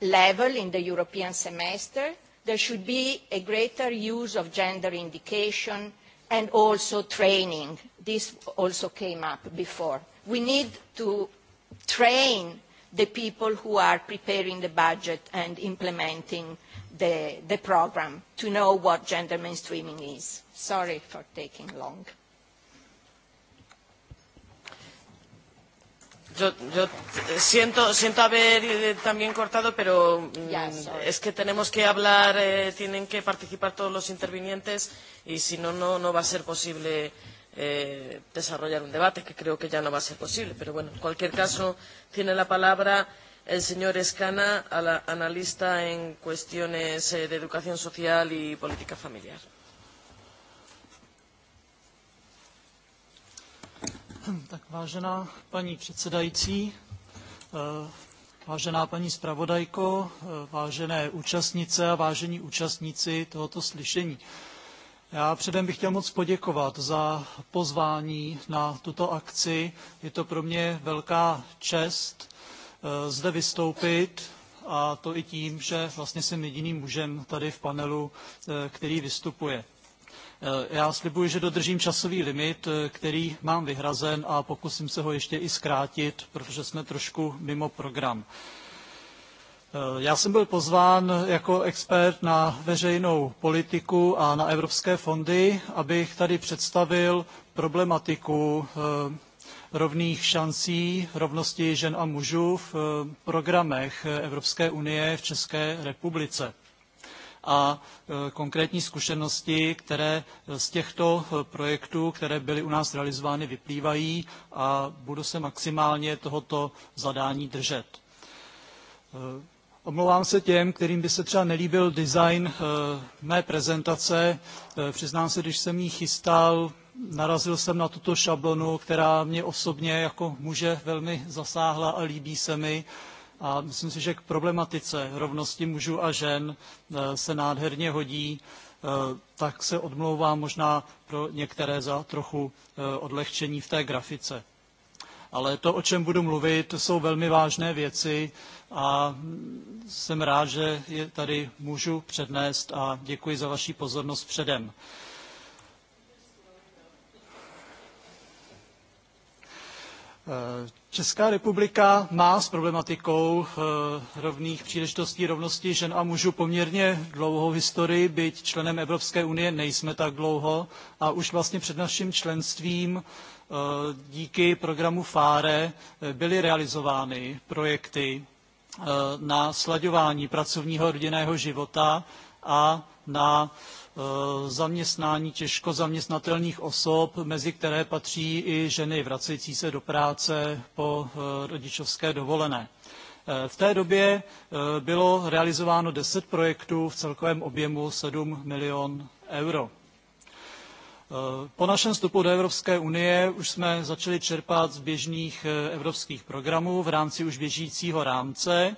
G: level in the European semester. There should be a greater use of gender indication and also training. This also came up before. We need to train the people who are preparing the budget and implementing the, the program to know what gender mainstreaming is. Sorry for taking long.
A: Yo, yo siento, siento haber eh, también cortado, pero mm, yeah, es que tenemos que hablar, eh, tienen que participar todos los intervinientes y si no, no va a ser posible eh, desarrollar un debate, que creo que ya no va a ser posible. Pero bueno, en cualquier caso, tiene la palabra el señor Escana, analista en cuestiones eh, de educación social y política familiar.
H: Tak vážená paní předsedající, eh, vážená paní zpravodajko, eh, vážené účastnice a vážení účastníci tohoto slyšení. Já předem bych chtěl moc poděkovat za pozvání na tuto akci. Je to pro mě velká čest eh, zde vystoupit a to i tím, že vlastně jsem jediným mužem tady v panelu, eh, který vystupuje. Eh, já slibuji, že dodržím časový limit, který mám vyhrazen a pokusím se ho ještě i zkrátit, protože jsme trošku mimo program. Eh, já jsem byl pozván jako expert na veřejnou politiku a na evropské fondy, abych tady představil problematiku eh, rovných šancí, rovnosti žen a mužů v eh, programech Evropské unie v České republice a konkrétní zkušenosti, které z těchto projektů, které byly u nás realizovány, vyplývají a budu se maximálně tohoto zadání držet. Omlouvám se těm, kterým by se třeba nelíbil design eh, mé prezentace. Eh, přiznám se, když jsem ji chystal, narazil jsem na tuto šablonu, která mě osobně jako muže velmi zasáhla a líbí se mi. A myslím si, že k problematice rovnosti mužů a žen eh, se nádherně hodí, tak se odmlouvám možná pro některé za trochu odlehčení v té grafice. Ale to, o čem budu mluvit, jsou velmi vážné věci a jsem rád, že je tady můžu přednést a děkuji za vaši pozornost předem. E, Česká republika má s problematikou e, rovných příležitostí rovnosti žen a mužů poměrně dlouhou historii, byť členem Evropské unie nejsme tak dlouho a už vlastně před naším členstvím e, díky programu FARE byly realizovány projekty Eh, na slaďování pracovního a rodinného života a na eh, zaměstnání těžko zaměstnatelných osob, mezi které patří i ženy vracející se do práce po eh, rodičovské dovolené. V té době bylo realizováno 10 projektů v celkovém objemu 7 milion euro. Eh, po našem vstupu do Evropské unie už jsme začali čerpat z běžných eh, evropských programů v rámci už běžícího rámce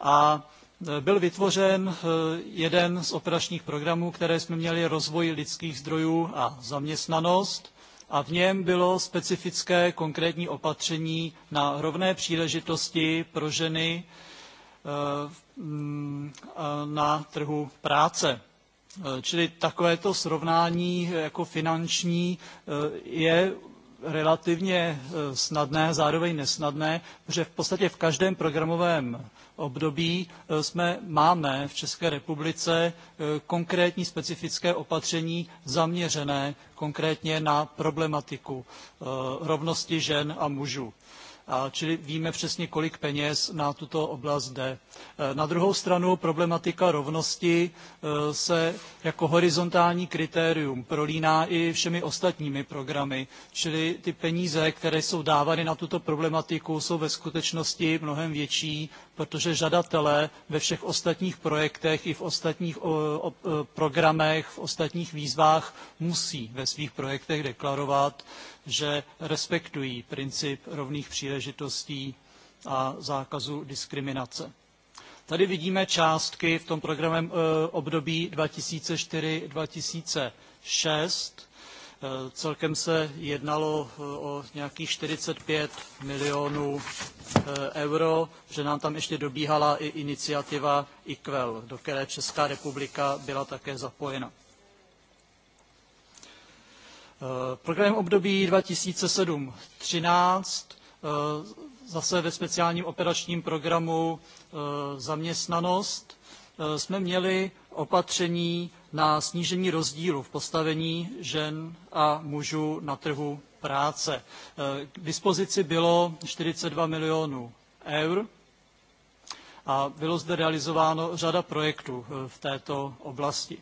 H: a eh, byl vytvořen jeden z operačních programů, které jsme měli rozvoj lidských zdrojů a zaměstnanost a v něm bylo specifické konkrétní opatření na rovné příležitosti pro ženy mm, na trhu práce. Eh, čili takovéto srovnání eh, jako finanční eh, je relativně snadné, zároveň nesnadné, protože v podstatě v každém programovém období jsme, máme v České republice konkrétní specifické opatření zaměřené konkrétně na problematiku rovnosti žen a mužů čili víme přesně, kolik peněz na tuto oblast jde. E, na druhou stranu problematika rovnosti e, se jako horizontální kritérium prolíná i všemi ostatními programy, čili ty peníze, které jsou dávány na tuto problematiku, jsou ve skutečnosti mnohem větší protože žadatelé ve všech ostatních projektech i v ostatních e, programech, v ostatních výzvách musí ve svých projektech deklarovat, že respektují princip rovných příležitostí a zákazu diskriminace. Tady vidíme částky v tom programem e, období 2004-2006 Eh, celkem se jednalo eh, o nějakých 45 milionů eh, euro, že nám tam ještě dobíhala i iniciativa IQUEL, do které Česká republika byla také zapojena. Program období 2007-13 zase ve speciálním operačním programu zaměstnanost Eh, jsme měli opatření na snížení rozdílu v postavení žen a mužů na trhu práce. Eh, k dispozici bylo 42 milionů eur a bylo zde realizováno řada projektů eh, v této oblasti.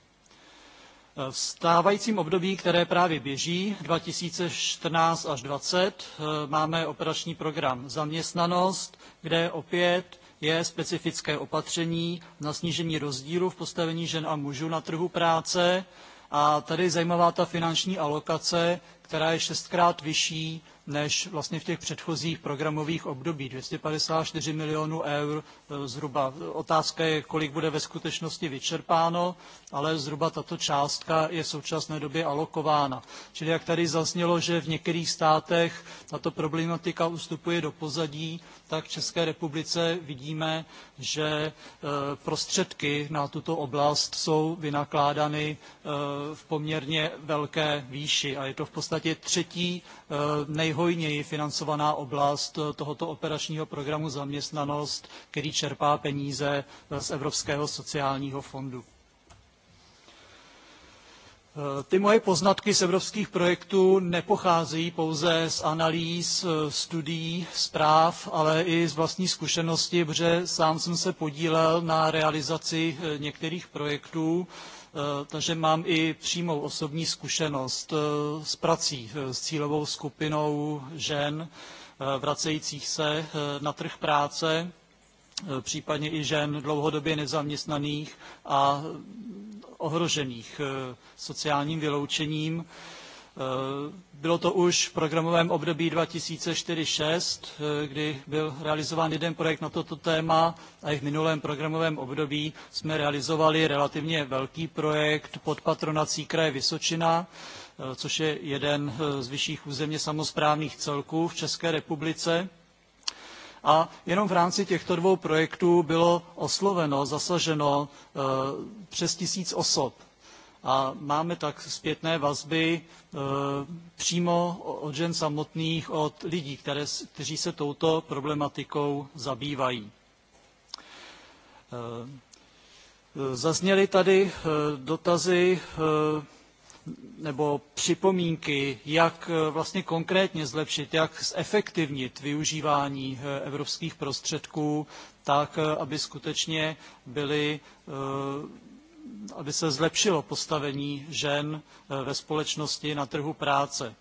H: V stávajícím období, které právě běží, 2014 až 2020, máme operační program Zaměstnanost, kde opět je specifické opatření na snížení rozdílu v postavení žen a mužů na trhu práce. A tady je zajímavá ta finanční alokace, která je šestkrát vyšší než vlastně v těch předchozích programových období. 254 milionů eur e, zhruba. Otázka je, kolik bude ve skutečnosti vyčerpáno, ale zhruba tato částka je v současné době alokována. Čili jak tady zaznělo, že v některých státech tato problematika ustupuje do pozadí, tak v České republice vidíme, že eh, prostředky na tuto oblast jsou vynakládány eh, v poměrně velké výši a je to v podstatě třetí eh, nejhojněji financovaná oblast tohoto operačního programu zaměstnanost, který čerpá peníze z Evropského sociálního fondu. Eh, ty moje poznatky z evropských projektů nepocházejí pouze z analýz, eh, studií, zpráv, ale i z vlastní zkušenosti, protože sám jsem se podílel na realizaci eh, některých projektů, takže mám i přímou osobní zkušenost s prací, s cílovou skupinou žen vracejících se na trh práce, případně i žen dlouhodobě nezaměstnaných a ohrožených eh, sociálním vyloučením. Eh, bylo to už v programovém období 2004-2006, eh, kdy byl realizován jeden projekt na toto téma a i v minulém programovém období jsme realizovali relativně velký projekt pod patronací kraje Vysočina, což je jeden z vyšších územně samozprávných celků v České republice a jenom v rámci těchto dvou projektů bylo osloveno, zasaženo eh, přes tisíc osob. A máme tak zpětné vazby eh, přímo od žen samotných, od lidí, které, kteří se touto problematikou zabývají. Eh, zazněly tady dotazy nebo připomínky, jak eh, vlastně konkrétně zlepšit, jak zefektivnit využívání eh, evropských prostředků, tak, eh, aby skutečně byly aby se zlepšilo postavení žen ve společnosti na trhu práce.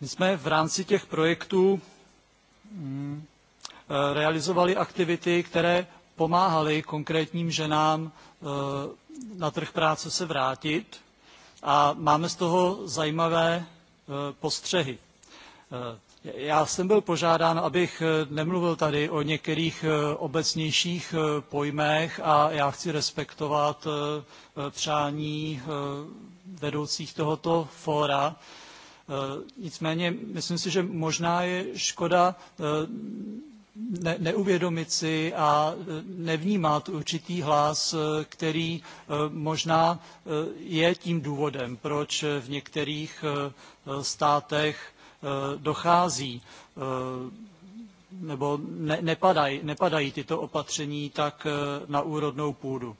H: My jsme v rámci těch projektů mm, realizovali aktivity, které pomáhali konkrétním ženám eh, na trh práce se vrátit a máme z toho zajímavé eh, postřehy. Eh, já jsem byl požádán, abych nemluvil tady o některých obecnějších pojmech a já chci respektovat přání vedoucích tohoto fóra. Nicméně myslím si, že možná je škoda ne, neuvědomit si a e, nevnímat určitý hlas, e, který e, možná je tím důvodem, proč v některých státech dochází nebo ne, nepadají, nepadají tyto opatření tak na úrodnou půdu.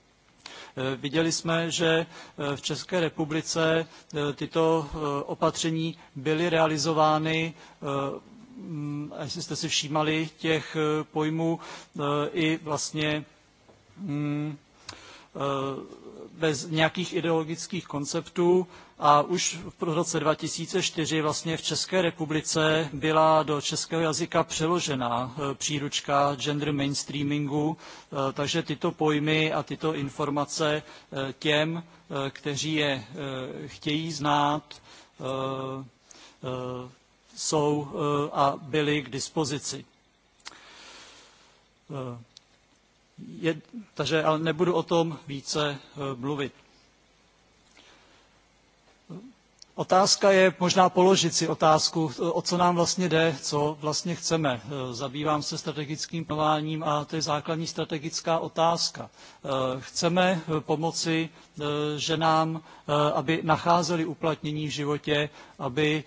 H: Viděli jsme, že v České republice tyto opatření byly realizovány Mm, jestli jste si všímali těch eh, pojmů eh, i vlastně mm, eh, bez nějakých ideologických konceptů a už v roce 2004 vlastně v České republice byla do českého jazyka přeložena příručka gender mainstreamingu, takže tyto pojmy a tyto informace těm, kteří je chtějí znát, jsou eh, a byly k dispozici. Eh, je, takže ale nebudu o tom více eh, mluvit. Otázka je možná položit si otázku, e, o co nám vlastně jde, co vlastně chceme. E, zabývám se strategickým plánováním a to je základní strategická otázka. E, chceme pomoci ženám, aby nacházeli uplatnění v životě, aby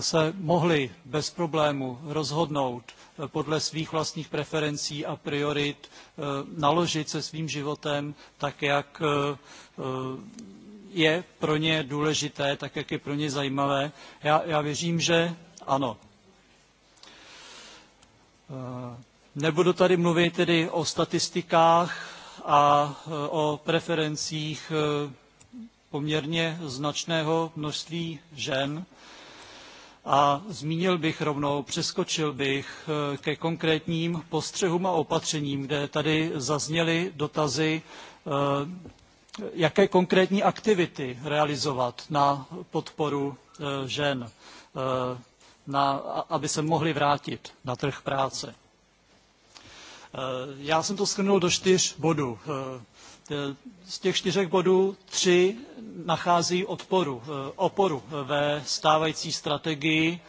H: se mohli bez problému rozhodnout podle svých vlastních preferencí a priorit, naložit se svým životem tak, jak je pro ně důležité, tak jak je pro ně zajímavé. Já, já věřím, že ano. Eh, nebudu tady mluvit tedy o statistikách a eh, o preferencích eh, poměrně značného množství žen. A zmínil bych rovnou, přeskočil bych ke konkrétním postřehům a opatřením, kde tady zazněly dotazy jaké konkrétní aktivity realizovat na podporu e, žen, e, aby se mohly vrátit na trh práce. E, já jsem to shrnul do čtyř bodů. Z těch čtyřech bodů tři nachází oporu ve stávající strategii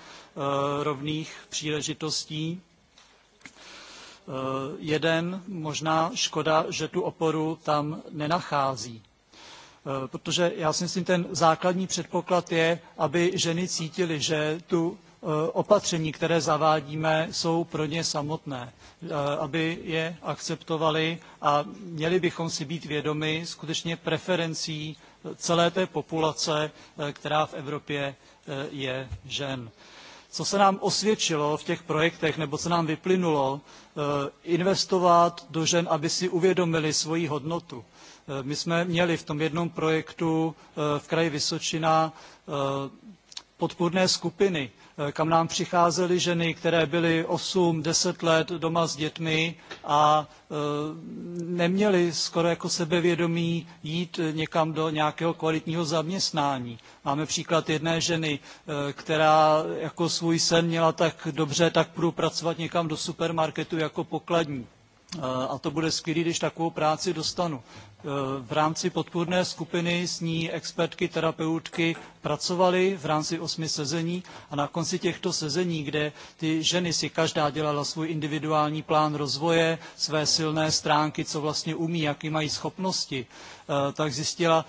H: rovných příležitostí Eh, jeden, možná škoda, že tu oporu tam nenachází. Eh, protože já si myslím, ten základní předpoklad je, aby ženy cítily, že tu eh, opatření, které zavádíme, jsou pro ně samotné, aby je akceptovali a měli bychom si být vědomi skutečně preferencí celé té populace, která v Evropě je žen. Co se nám osvědčilo v těch projektech, nebo co nám vyplynulo, Eh, investovat do žen, aby si uvědomili svoji hodnotu. Eh, my jsme měli v tom jednom projektu eh, v kraji Vysočina podpůrné skupiny E, kam nám přicházely ženy, které byly 8, 10 let doma s dětmi a e, neměly skoro jako sebevědomí jít někam do nějakého kvalitního zaměstnání. Máme příklad jedné ženy, e, která jako svůj sen měla tak dobře, tak půjdu pracovat někam do supermarketu jako pokladní Eh, a to bude skvělé, když takovou práci dostanu. Eh, v rámci podpůrné skupiny s ní expertky, terapeutky pracovali v rámci osmi sezení a na konci těchto sezení, kde ty ženy si každá dělala svůj individuální plán rozvoje, své silné stránky, co vlastně umí, jaký mají schopnosti, eh, tak zjistila,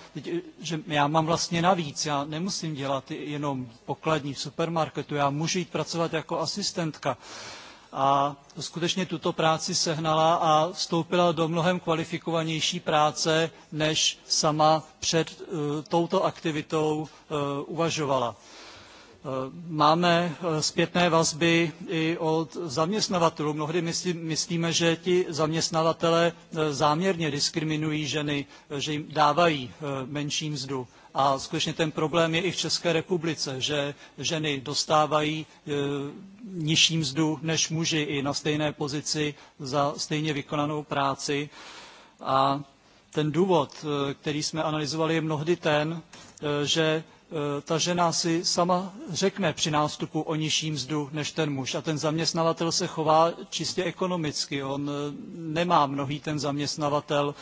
H: že já mám vlastně navíc, já nemusím dělat jenom pokladní v supermarketu, já můžu jít pracovat jako asistentka a skutečně tuto práci sehnala a vstoupila do mnohem kvalifikovanější práce, než sama před eh, touto aktivitou eh, uvažovala. Eh, máme zpětné vazby i od zaměstnavatelů. Mnohdy myslí, myslíme, že ti zaměstnavatele záměrně diskriminují ženy, že jim dávají menší mzdu. A skutečně ten problém je i v České republice, že ženy dostávají e, nižší mzdu než muži i na stejné pozici za stejně vykonanou práci. A ten důvod, e, který jsme analyzovali, je mnohdy ten, e, že E, ta žena si sama řekne při nástupu o nižší mzdu než ten muž a ten zaměstnavatel se chová čistě ekonomicky. On e, nemá mnohý ten zaměstnavatel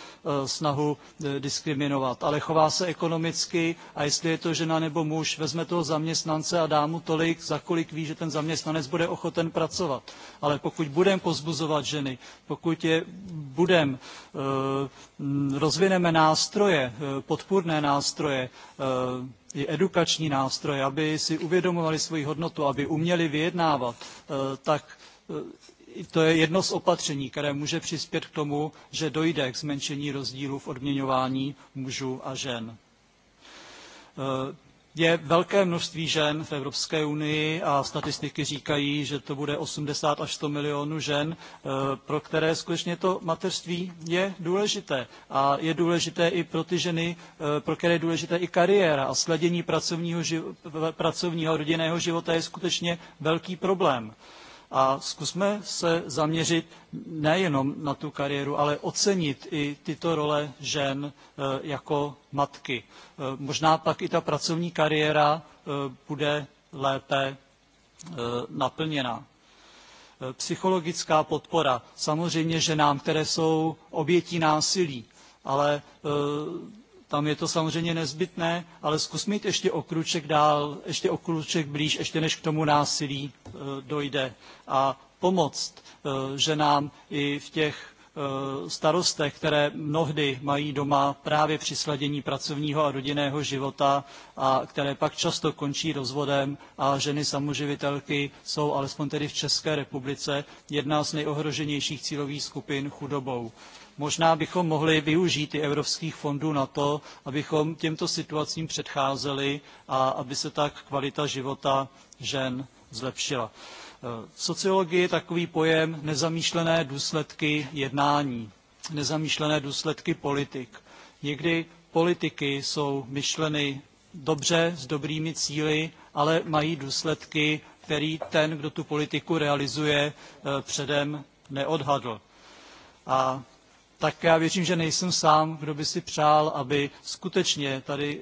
H: e, snahu diskriminovat, ale chová se ekonomicky a jestli je to žena nebo muž, vezme toho zaměstnance a dá mu tolik, za kolik ví, že ten zaměstnanec bude ochoten pracovat. Ale pokud budeme pozbuzovat ženy, pokud je budem rozvineme nástroje, podpůrné nástroje, i edukační nástroje, aby si uvědomovali svoji hodnotu, aby uměli vyjednávat, eh, tak eh, to je jedno z opatření, které může přispět k tomu, že dojde k zmenšení rozdílu v odměňování mužů a žen. Eh, je velké množství žen v Evropské unii a statistiky říkají, že to bude 80 až 100 milionů žen, eh, pro které skutečně to mateřství je důležité. A je důležité i pro ty ženy, eh, pro které je důležité i kariéra a sledění pracovního, pracovního rodinného života je skutečně velký problém a zkusme se zaměřit nejenom na tu kariéru, ale ocenit i tyto role žen e, jako matky. E, možná pak i ta pracovní kariéra e, bude lépe naplněná. Psychologická podpora samozřejmě ženám, které jsou obětí násilí, ale tam je to samozřejmě nezbytné, ale zkusme jít ještě o kruček dál, ještě o kruček blíž, ještě než k tomu násilí eh, dojde. A pomoct eh, ženám i v těch eh, starostech, které mnohdy mají doma právě při sladění pracovního a rodinného života a které pak často končí rozvodem a ženy samoživitelky jsou alespoň tedy v České republice jedna z nejohroženějších cílových skupin chudobou. Možná bychom mohli využít i evropských fondů na to, abychom těmto situacím předcházeli a aby se tak kvalita života žen zlepšila. E, v sociologii je takový pojem nezamýšlené důsledky jednání, nezamýšlené důsledky politik. Někdy politiky jsou myšleny dobře, s dobrými cíli, ale mají důsledky, který ten, kdo tu politiku realizuje, e, předem neodhadl. A tak já věřím, že nejsem sám, kdo by si přál, aby skutečně tady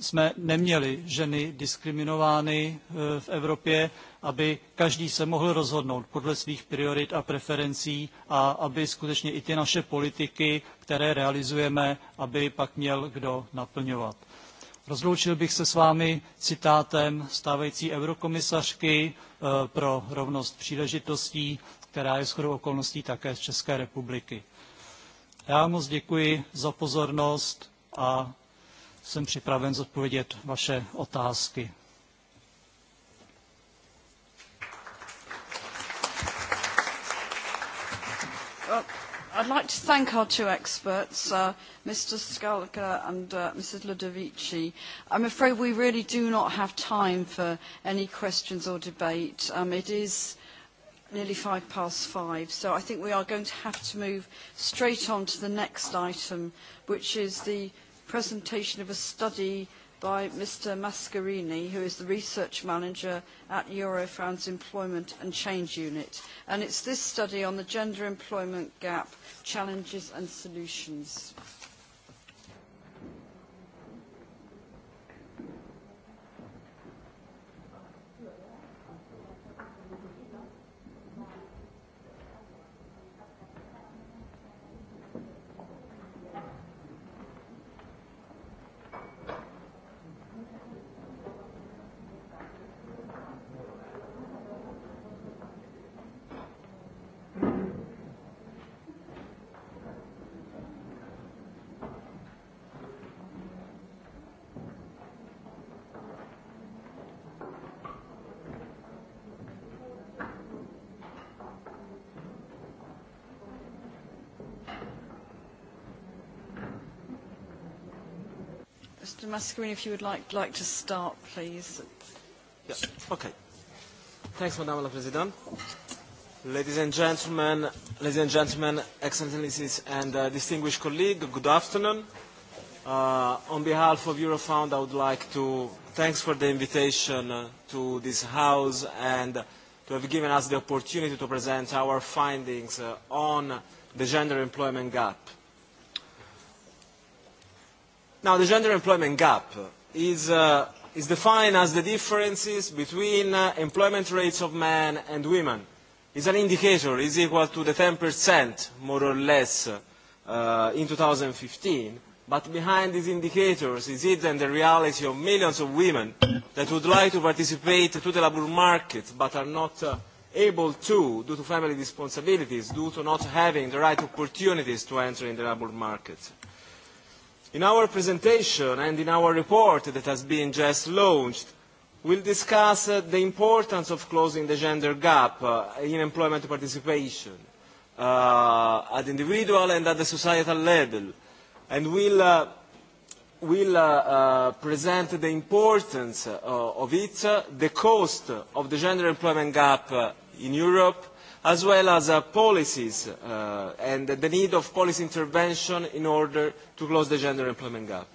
H: jsme neměli ženy diskriminovány eh, v Evropě, aby každý se mohl rozhodnout podle svých priorit a preferencí a aby skutečně i ty naše politiky, které realizujeme, aby pak měl kdo naplňovat. Rozloučil bych se s vámi citátem stávající eurokomisařky eh, pro rovnost příležitostí, která je shodou okolností také z České republiky. Já moc děkuji za pozornost a jsem připraven zodpovědět vaše otázky.
I: I'd like to thank our two experts, uh, Mr. Skalka and uh, Mrs. Ludovici. I'm afraid we really do not have time for any questions or debate. Um, it is nearly five past five, so I think we are going to have to move straight on to the next item, which is the presentation of a study by Mr. Mascarini, who is the research manager at Eurofound's Employment and Change Unit. And it's this study on the gender employment gap, challenges and solutions. Mr. Mascarini, if you would like, like to start, please. Yeah. Okay.
J: Thanks, Madame la Présidente. Ladies and gentlemen, ladies and gentlemen, excellencies and uh, distinguished colleagues, good afternoon. Uh, on behalf of Eurofound, I would like to thanks for the invitation uh, to this house and to have given us the opportunity to present our findings uh, on the gender employment gap. Now, the gender employment gap is, uh, is defined as the differences between uh, employment rates of men and women. It's an indicator, is equal to the 10% more or less uh, in 2015, but behind these indicators is hidden the reality of millions of women that would like to participate to the labour market but are not uh, able to due to family responsibilities, due to not having the right opportunities to enter in the labour market. In our presentation and in our report that has been just launched, we will discuss uh, the importance of closing the gender gap uh, in employment participation uh, at individual and at the societal level. And we will we'll, uh, present the importance of it, the cost of the gender employment gap in Europe, as well as uh, policies uh, and the need of policy intervention in order to close the gender employment gap.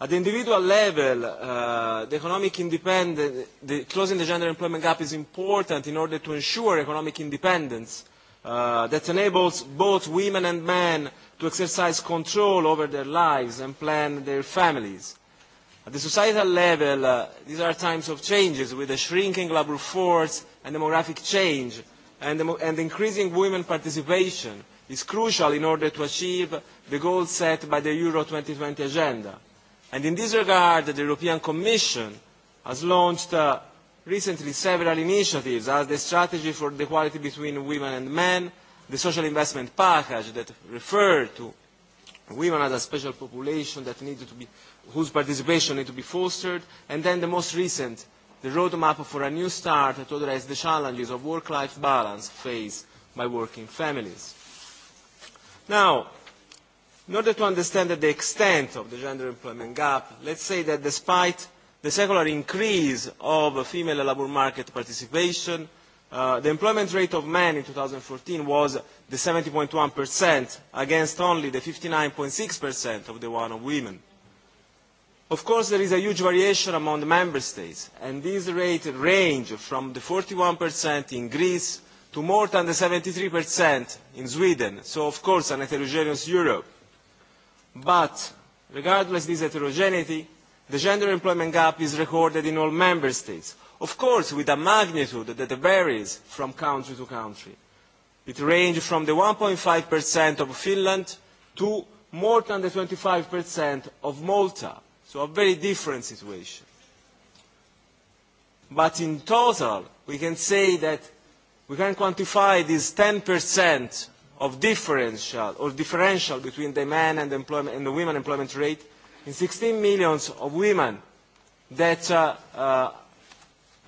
J: At the individual level, uh, the economic independence, the, closing the gender employment gap is important in order to ensure economic independence that enables both women and men to exercise control over their lives and plan their families. At the societal level, these are times of changes with a shrinking labor force and demographic change and, and increasing women participation is crucial in order to achieve the goals set by the Euro 2020 agenda. And in this regard, the European Commission has launched uh, recently several initiatives as the strategy for the equality between women and men, the social investment package that referred to women as a special population that needed to be, whose participation needs to be fostered, and then the most recent The roadmap for a new start to address the challenges of work-life balance faced by working families. Now, in order to understand the extent of the gender employment gap, let's say that despite the secular increase of female labor market participation, uh, the employment rate of men in 2014 was the 70.1% against only the 59.6% of the one of women. Of course, there is a huge variation among the member states, and these rates range from the 41% in Greece to more than the 73% in Sweden. So, of course, an heterogeneous Europe. But, regardless of this heterogeneity, the gender employment gap is recorded in all member states. Of course, with a magnitude that varies from country to country. It ranges from the 1.5% of Finland to more than the 25% of Malta So a very different situation. But in total, we can say that we can quantify this 10% of differential or differential between the men and, employment, and the women employment rate in 16 million of women that uh, uh,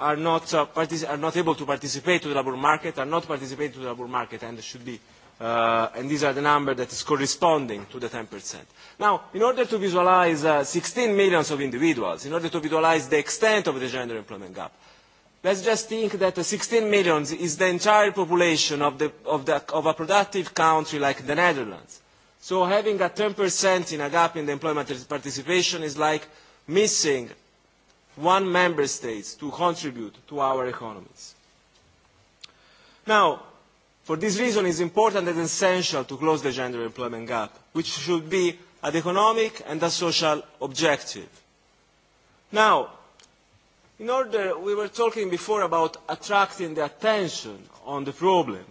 J: are, not, uh, are not able to participate to the labor market, are not participating to the labor market and should be Uh, and these are the number that is corresponding to the 10%. Now, in order to visualize uh, 16 million of individuals, in order to visualize the extent of the gender employment gap, let's just think that the 16 million is the entire population of, the, of, the, of a productive country like the Netherlands. So having a 10% in a gap in the employment participation is like missing one member state to contribute to our economies. Now, For this reason, it is important and essential to close the gender employment gap, which should be an economic and a social objective. Now, in order, we were talking before about attracting the attention on the problem.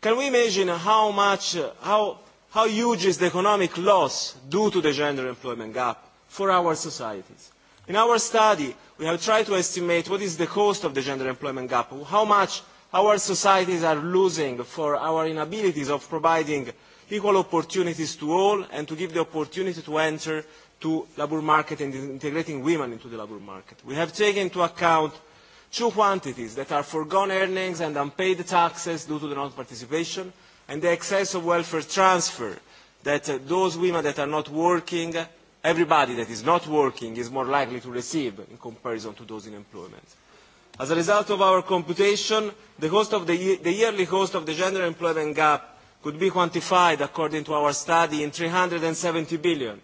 J: Can we imagine how much, how, how huge is the economic loss due to the gender employment gap for our societies? In our study, we have tried to estimate what is the cost of the gender employment gap, how much our societies are losing for our inabilities of providing equal opportunities to all and to give the opportunity to enter to labour market and integrating women into the labour market. We have taken into account two quantities that are foregone earnings and unpaid taxes due to the non-participation and the excess of welfare transfer that uh, those women that are not working, everybody that is not working is more likely to receive in comparison to those in employment. As a result of our computation, the, host of the, the yearly cost of the gender employment gap could be quantified, according to our study, in 370 billion,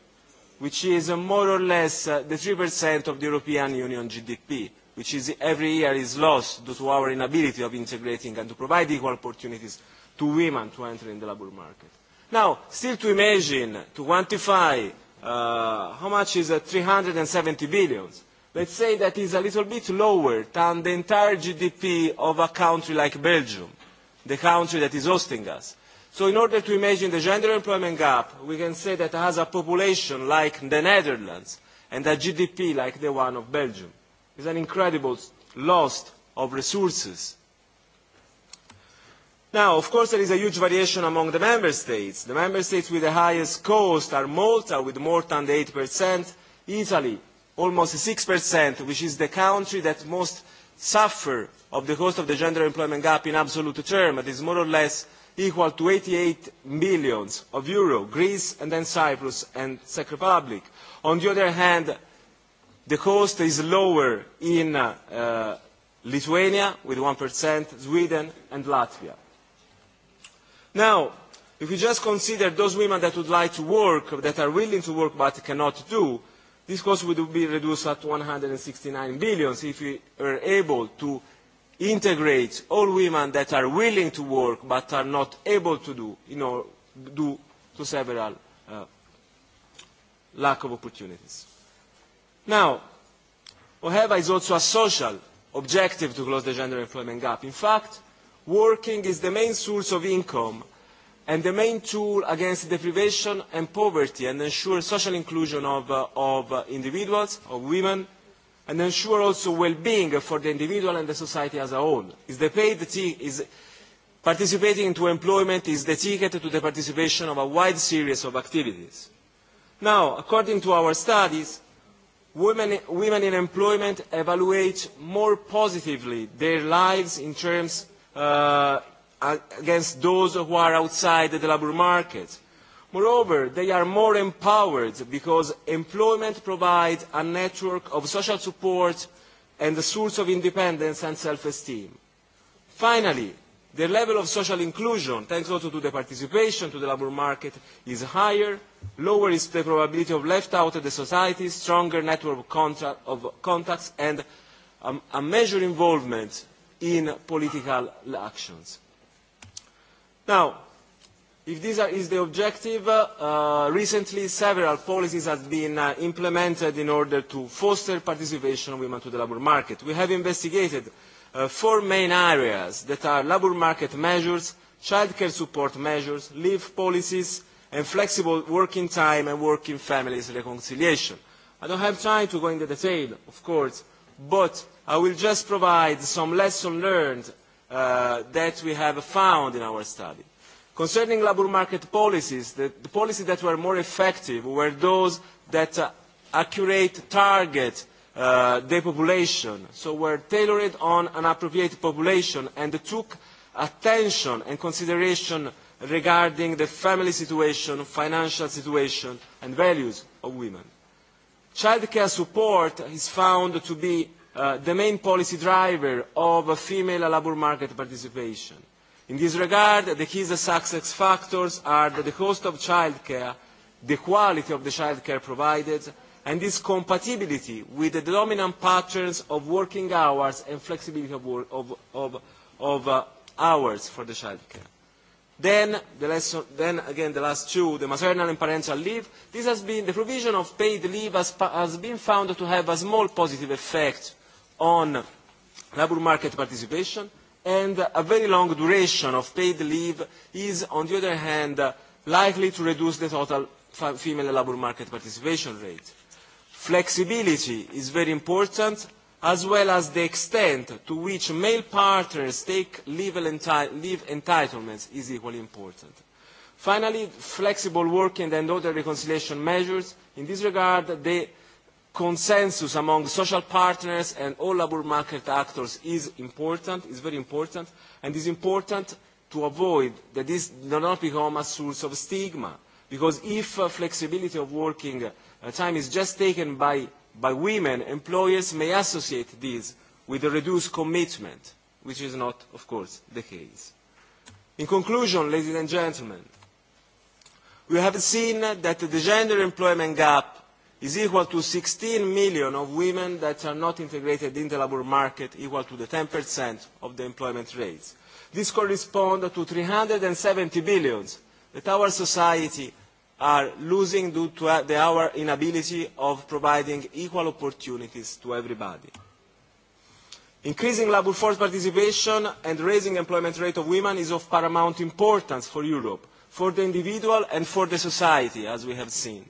J: which is more or less uh, the 3% of the European Union GDP, which is every year is lost due to our inability of integrating and to provide equal opportunities to women to enter in the labor market. Now, still to imagine, to quantify uh, how much is uh, 370 billion, let's say that is a little bit lower than the entire GDP of a country like Belgium, the country that is hosting us. So in order to imagine the gender employment gap, we can say that it has a population like the Netherlands and a GDP like the one of Belgium. It's an incredible loss of resources. Now, of course, there is a huge variation among the member states. The member states with the highest cost are Malta with more than 8%, Italy almost 6%, which is the country that most suffer of the cost of the gender employment gap in absolute terms, that is more or less equal to 88 million of euro, Greece and then Cyprus and Czech Republic. On the other hand, the cost is lower in uh, Lithuania with 1%, Sweden and Latvia. Now, if we just consider those women that would like to work, that are willing to work but cannot do, This cost would be reduced at 169 billion if we were able to integrate all women that are willing to work but are not able to do, you know, due to several uh, lack of opportunities. Now, OHEVA is also a social objective to close the gender employment gap. In fact, working is the main source of income and the main tool against deprivation and poverty and ensure social inclusion of, uh, of uh, individuals, of women, and ensure also well-being for the individual and the society as a whole. Is the paid is participating into employment is the ticket to the participation of a wide series of activities. Now, according to our studies, women, women in employment evaluate more positively their lives in terms of uh, against those who are outside the labour market. Moreover, they are more empowered because employment provides a network of social support and a source of independence and self-esteem. Finally, the level of social inclusion, thanks also to the participation to the labour market, is higher, lower is the probability of left out of the society, stronger network of, contacts, and um, a major involvement in political actions. Now, if this is the objective, uh, uh, recently several policies have been uh, implemented in order to foster participation of women to the labour market. We have investigated four main areas that are labour market measures, childcare support measures, leave policies, and flexible working time and working families reconciliation. I don't have time to go into detail, of course, but I will just provide some lessons learned Uh, that we have found in our study. Concerning labour market policies, the, the policies that were more effective were those that uh, accurate target the uh, population, so were tailored on an appropriate population and took attention and consideration regarding the family situation, financial situation and values of women. Childcare support is found to be Uh, the main policy driver of female labour market participation. In this regard, the key success factors are the cost of childcare, the quality of the childcare provided, and this compatibility with the dominant patterns of working hours and flexibility of, work, of, of, of uh, hours for the childcare. Then, the then again, the last two, the maternal and parental leave. This has been, the provision of paid leave has, pa-, has been found to have a small positive effect on labor market participation and a very long duration of paid leave is, on the other hand, likely to reduce the total female labour market participation rate. Flexibility is very important, as well as the extent to which male partners take leave, leave entitlements is equally important. Finally, flexible working and other reconciliation measures. In this regard, they consensus among social partners and all labour market actors is important, is very important, and is important to avoid that this does not become a source of stigma. Because if uh, flexibility of working uh, time is just taken by, by women, employers may associate this with a reduced commitment, which is not, of course, the case. In conclusion, ladies and gentlemen, we have seen that the gender employment gap is equal to 16 million of women that are not integrated in the labour market, equal to the 10% of the employment rates. This corresponds to 370 billion that our society are losing due to uh, the, our inability of providing equal opportunities to everybody. Increasing labour force participation and raising employment rate of women is of paramount importance for Europe, for the individual and for the society, as we have seen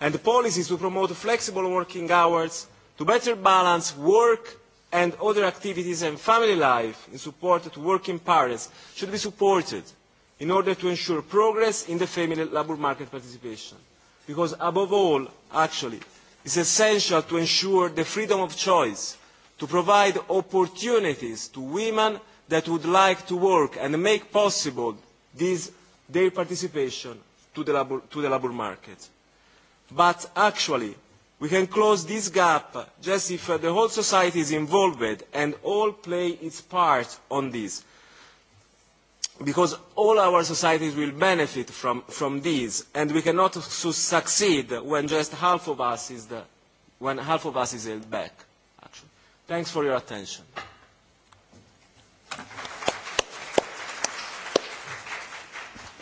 J: and the policies to promote flexible working hours to better balance work and other activities and family life in support of working parents should be supported in order to ensure progress in the family labour market participation. Because above all, actually, it is essential to ensure the freedom of choice, to provide opportunities to women that would like to work and make possible this, their participation to the labour market but actually we can close this gap just if uh, the whole society is involved and all play its part on this because all our societies will benefit from, from these and we cannot su succeed when just half of us is the, when half of us is held back. Actually. Thanks for your attention.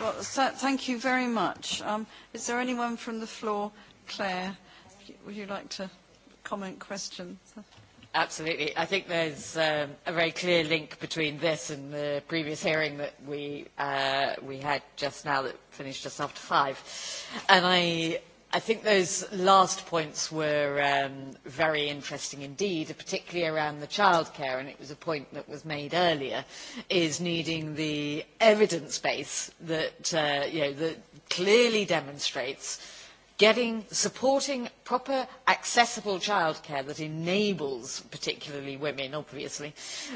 I: Well, thank you very much. Um, is there anyone from the floor? Claire, would you like to comment, question?
B: Absolutely. I think there's um, a very clear link between this and the previous hearing that we, uh, we had just now that finished just after five. And I i think those last points were um, very interesting indeed, particularly around the childcare, and it was a point that was made earlier, is needing the evidence base that, uh, you know, that clearly demonstrates getting, supporting proper accessible childcare that enables particularly women, obviously,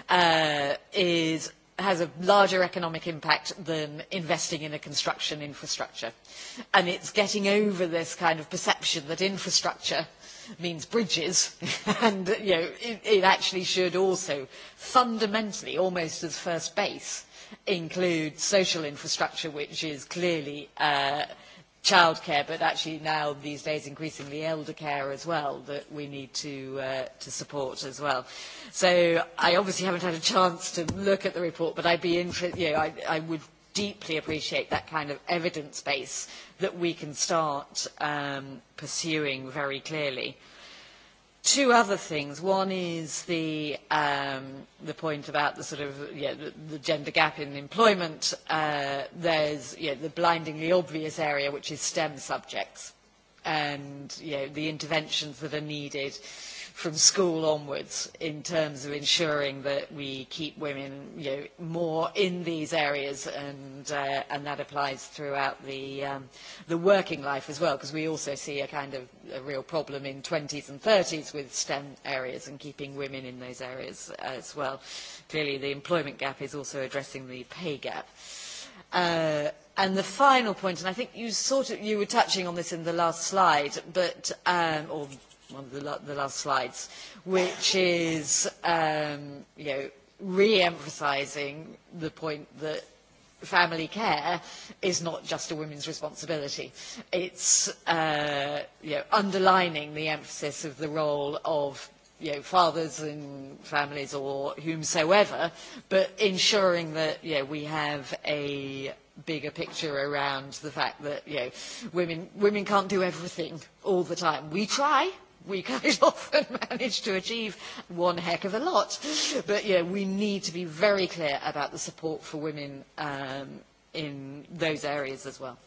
B: uh, is has a larger economic impact than investing in a construction infrastructure. And it's getting over this kind of perception that infrastructure means bridges and it, actually should also fundamentally, almost as first base, include social infrastructure which is clearly uh, childcare, but actually now these days increasingly elder care as well that we need to, uh, to support as well. So I obviously haven't had a chance to look at the report, but I'd be interested, you know, I, I would deeply appreciate that kind of evidence base that we can start um, pursuing very clearly. Two other things. One is the, um, the point about the sort of yeah, the, the gender gap in employment. Uh, there's yeah, the blindingly obvious area, which is STEM subjects, and the interventions that are needed from school onwards in terms of ensuring that we keep women you know, more in these areas and, uh, and that applies throughout the, um, the working life as well because we also see a kind of a real problem in 20s and 30s with STEM areas and keeping women in those areas as well. Clearly the employment gap is also addressing the pay gap. Uh, and the final point, and I think you sort of, you were touching on this in the last slide, but, um, or one of the, the last slides, which is um, you know, re the point that family care is not just a women's responsibility. It's uh, you know, underlining the emphasis of the role of you know, fathers and families or whomsoever, but ensuring that we have a bigger picture around the fact that you know, women, women can't do everything all the time. We try, we quite often manage to achieve one heck of a lot. But yeah, we need to be very clear about the support for women um, in those areas as well.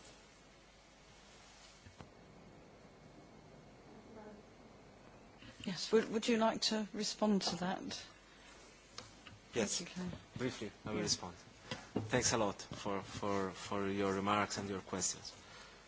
I: Yes, would, would you like to respond to that?
J: Yes, okay. briefly, I will yeah. respond. Thanks a lot for, for, for your remarks and your questions.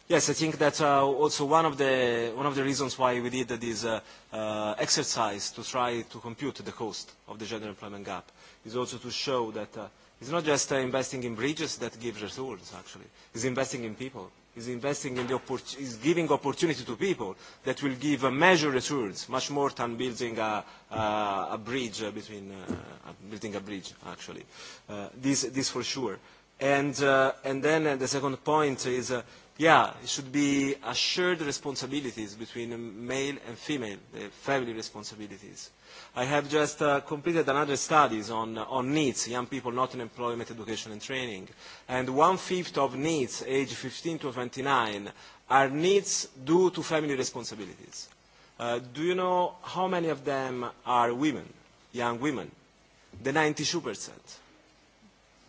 J: Yes, I think that's uh, also one of the one of the reasons why we did this uh, uh, exercise to try to compute the cost of the gender employment gap is also to show that uh, it's not just uh, investing in bridges that gives results. Actually, it's investing in people. It's investing in the is giving opportunity to people that will give a uh, measure results much more than building a, uh, uh a bridge between uh, building a bridge actually. Uh, this this for sure. And uh, and then uh, the second point is Yeah, it should be assured responsibilities between male and female, the family responsibilities. I have just uh, completed another studies on, uh, on needs, young people not in employment, education and training. And one-fifth of needs, age 15 to 29, are needs due to family responsibilities. Uh, do you know how many of them are women, young women? The 92%.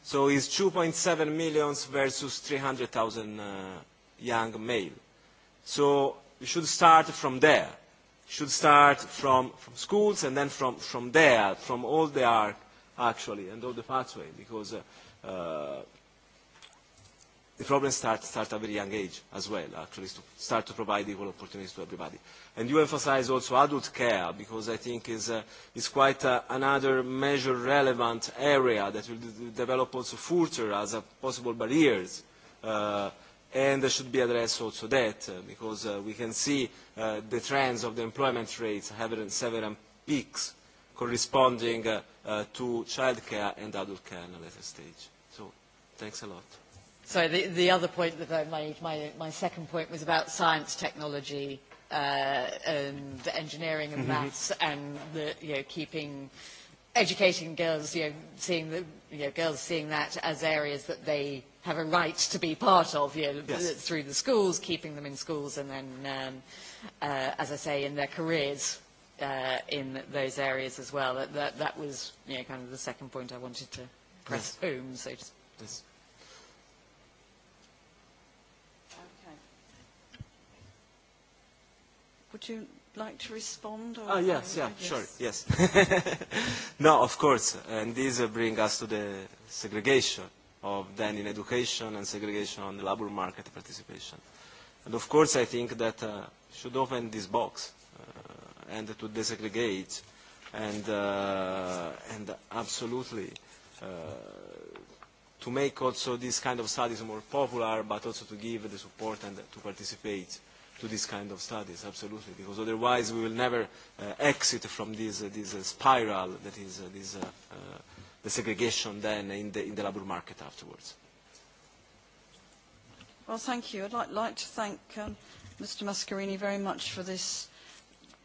J: So it's 2.7 million versus 300,000 uh, young male. So we should start from there. We should start from, from schools and then from, from there, from all the arc, actually, and all the pathway, because uh, uh, the problem starts start at a very young age as well, actually, to start to provide equal opportunities to everybody. And you emphasize also adult care, because I think is, uh, is quite uh, another measure relevant area that will develop also further as a possible barriers uh, and there should be addressed also that uh, because uh, we can see uh, the trends of the employment rates having several peaks corresponding to childcare and adult care at a later stage. So thanks a lot.
B: So the, the other point that I made, my, my second point was about science, technology, uh, and engineering and mm-hmm. maths, and the, you know, keeping educating girls, you know, seeing the, you know, girls seeing that as areas that they have a right to be part of you know, yes. through the schools, keeping them in schools and then, um, uh, as I say, in their careers uh, in those areas as well. That, that, that was you know, kind of the second point I wanted to
J: press
I: yes. home. So just yes. Would you like to respond?
J: Or oh, yes, yeah, sure, yes. no, of course. And these uh, bring us to the segregation of then in education and segregation on the labor market participation. And of course I think that uh, should open this box uh, and to desegregate and, uh, and absolutely uh, to make also this kind of studies more popular but also to give the support and to participate to this kind of studies, absolutely, because otherwise we will never uh, exit from this, uh, this uh, spiral that is uh, this uh, uh, the segregation then in the, in the labour market afterwards.
I: Well, thank you. I'd like, like to thank um, Mr. Mascarini very much for this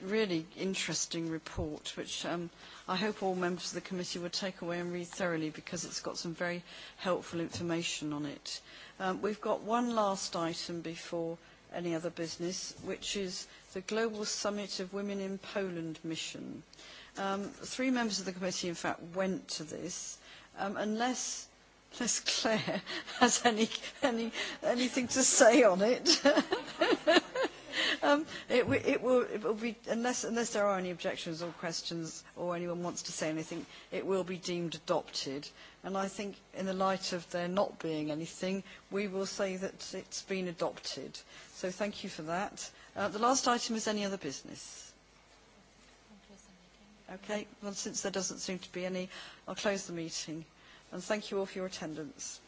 I: really interesting report, which um, I hope all members of the committee will take away and read thoroughly because it's got some very helpful information on it. Um, we've got one last item before any other business, which is the Global Summit of Women in Poland mission. Um, three members of the committee, in fact, went to this. Um, unless, unless Claire has any, any, anything to say on it. um, it, it, will, it will be, unless, unless there are any objections or questions or anyone wants to say anything, it will be deemed adopted. And I think in the light of there not being anything, we will say that it's been adopted. So thank you for that. Uh, the last item is any other business. Okay, well, since there doesn't seem to be any, I'll close the meeting. And thank you all for your attendance.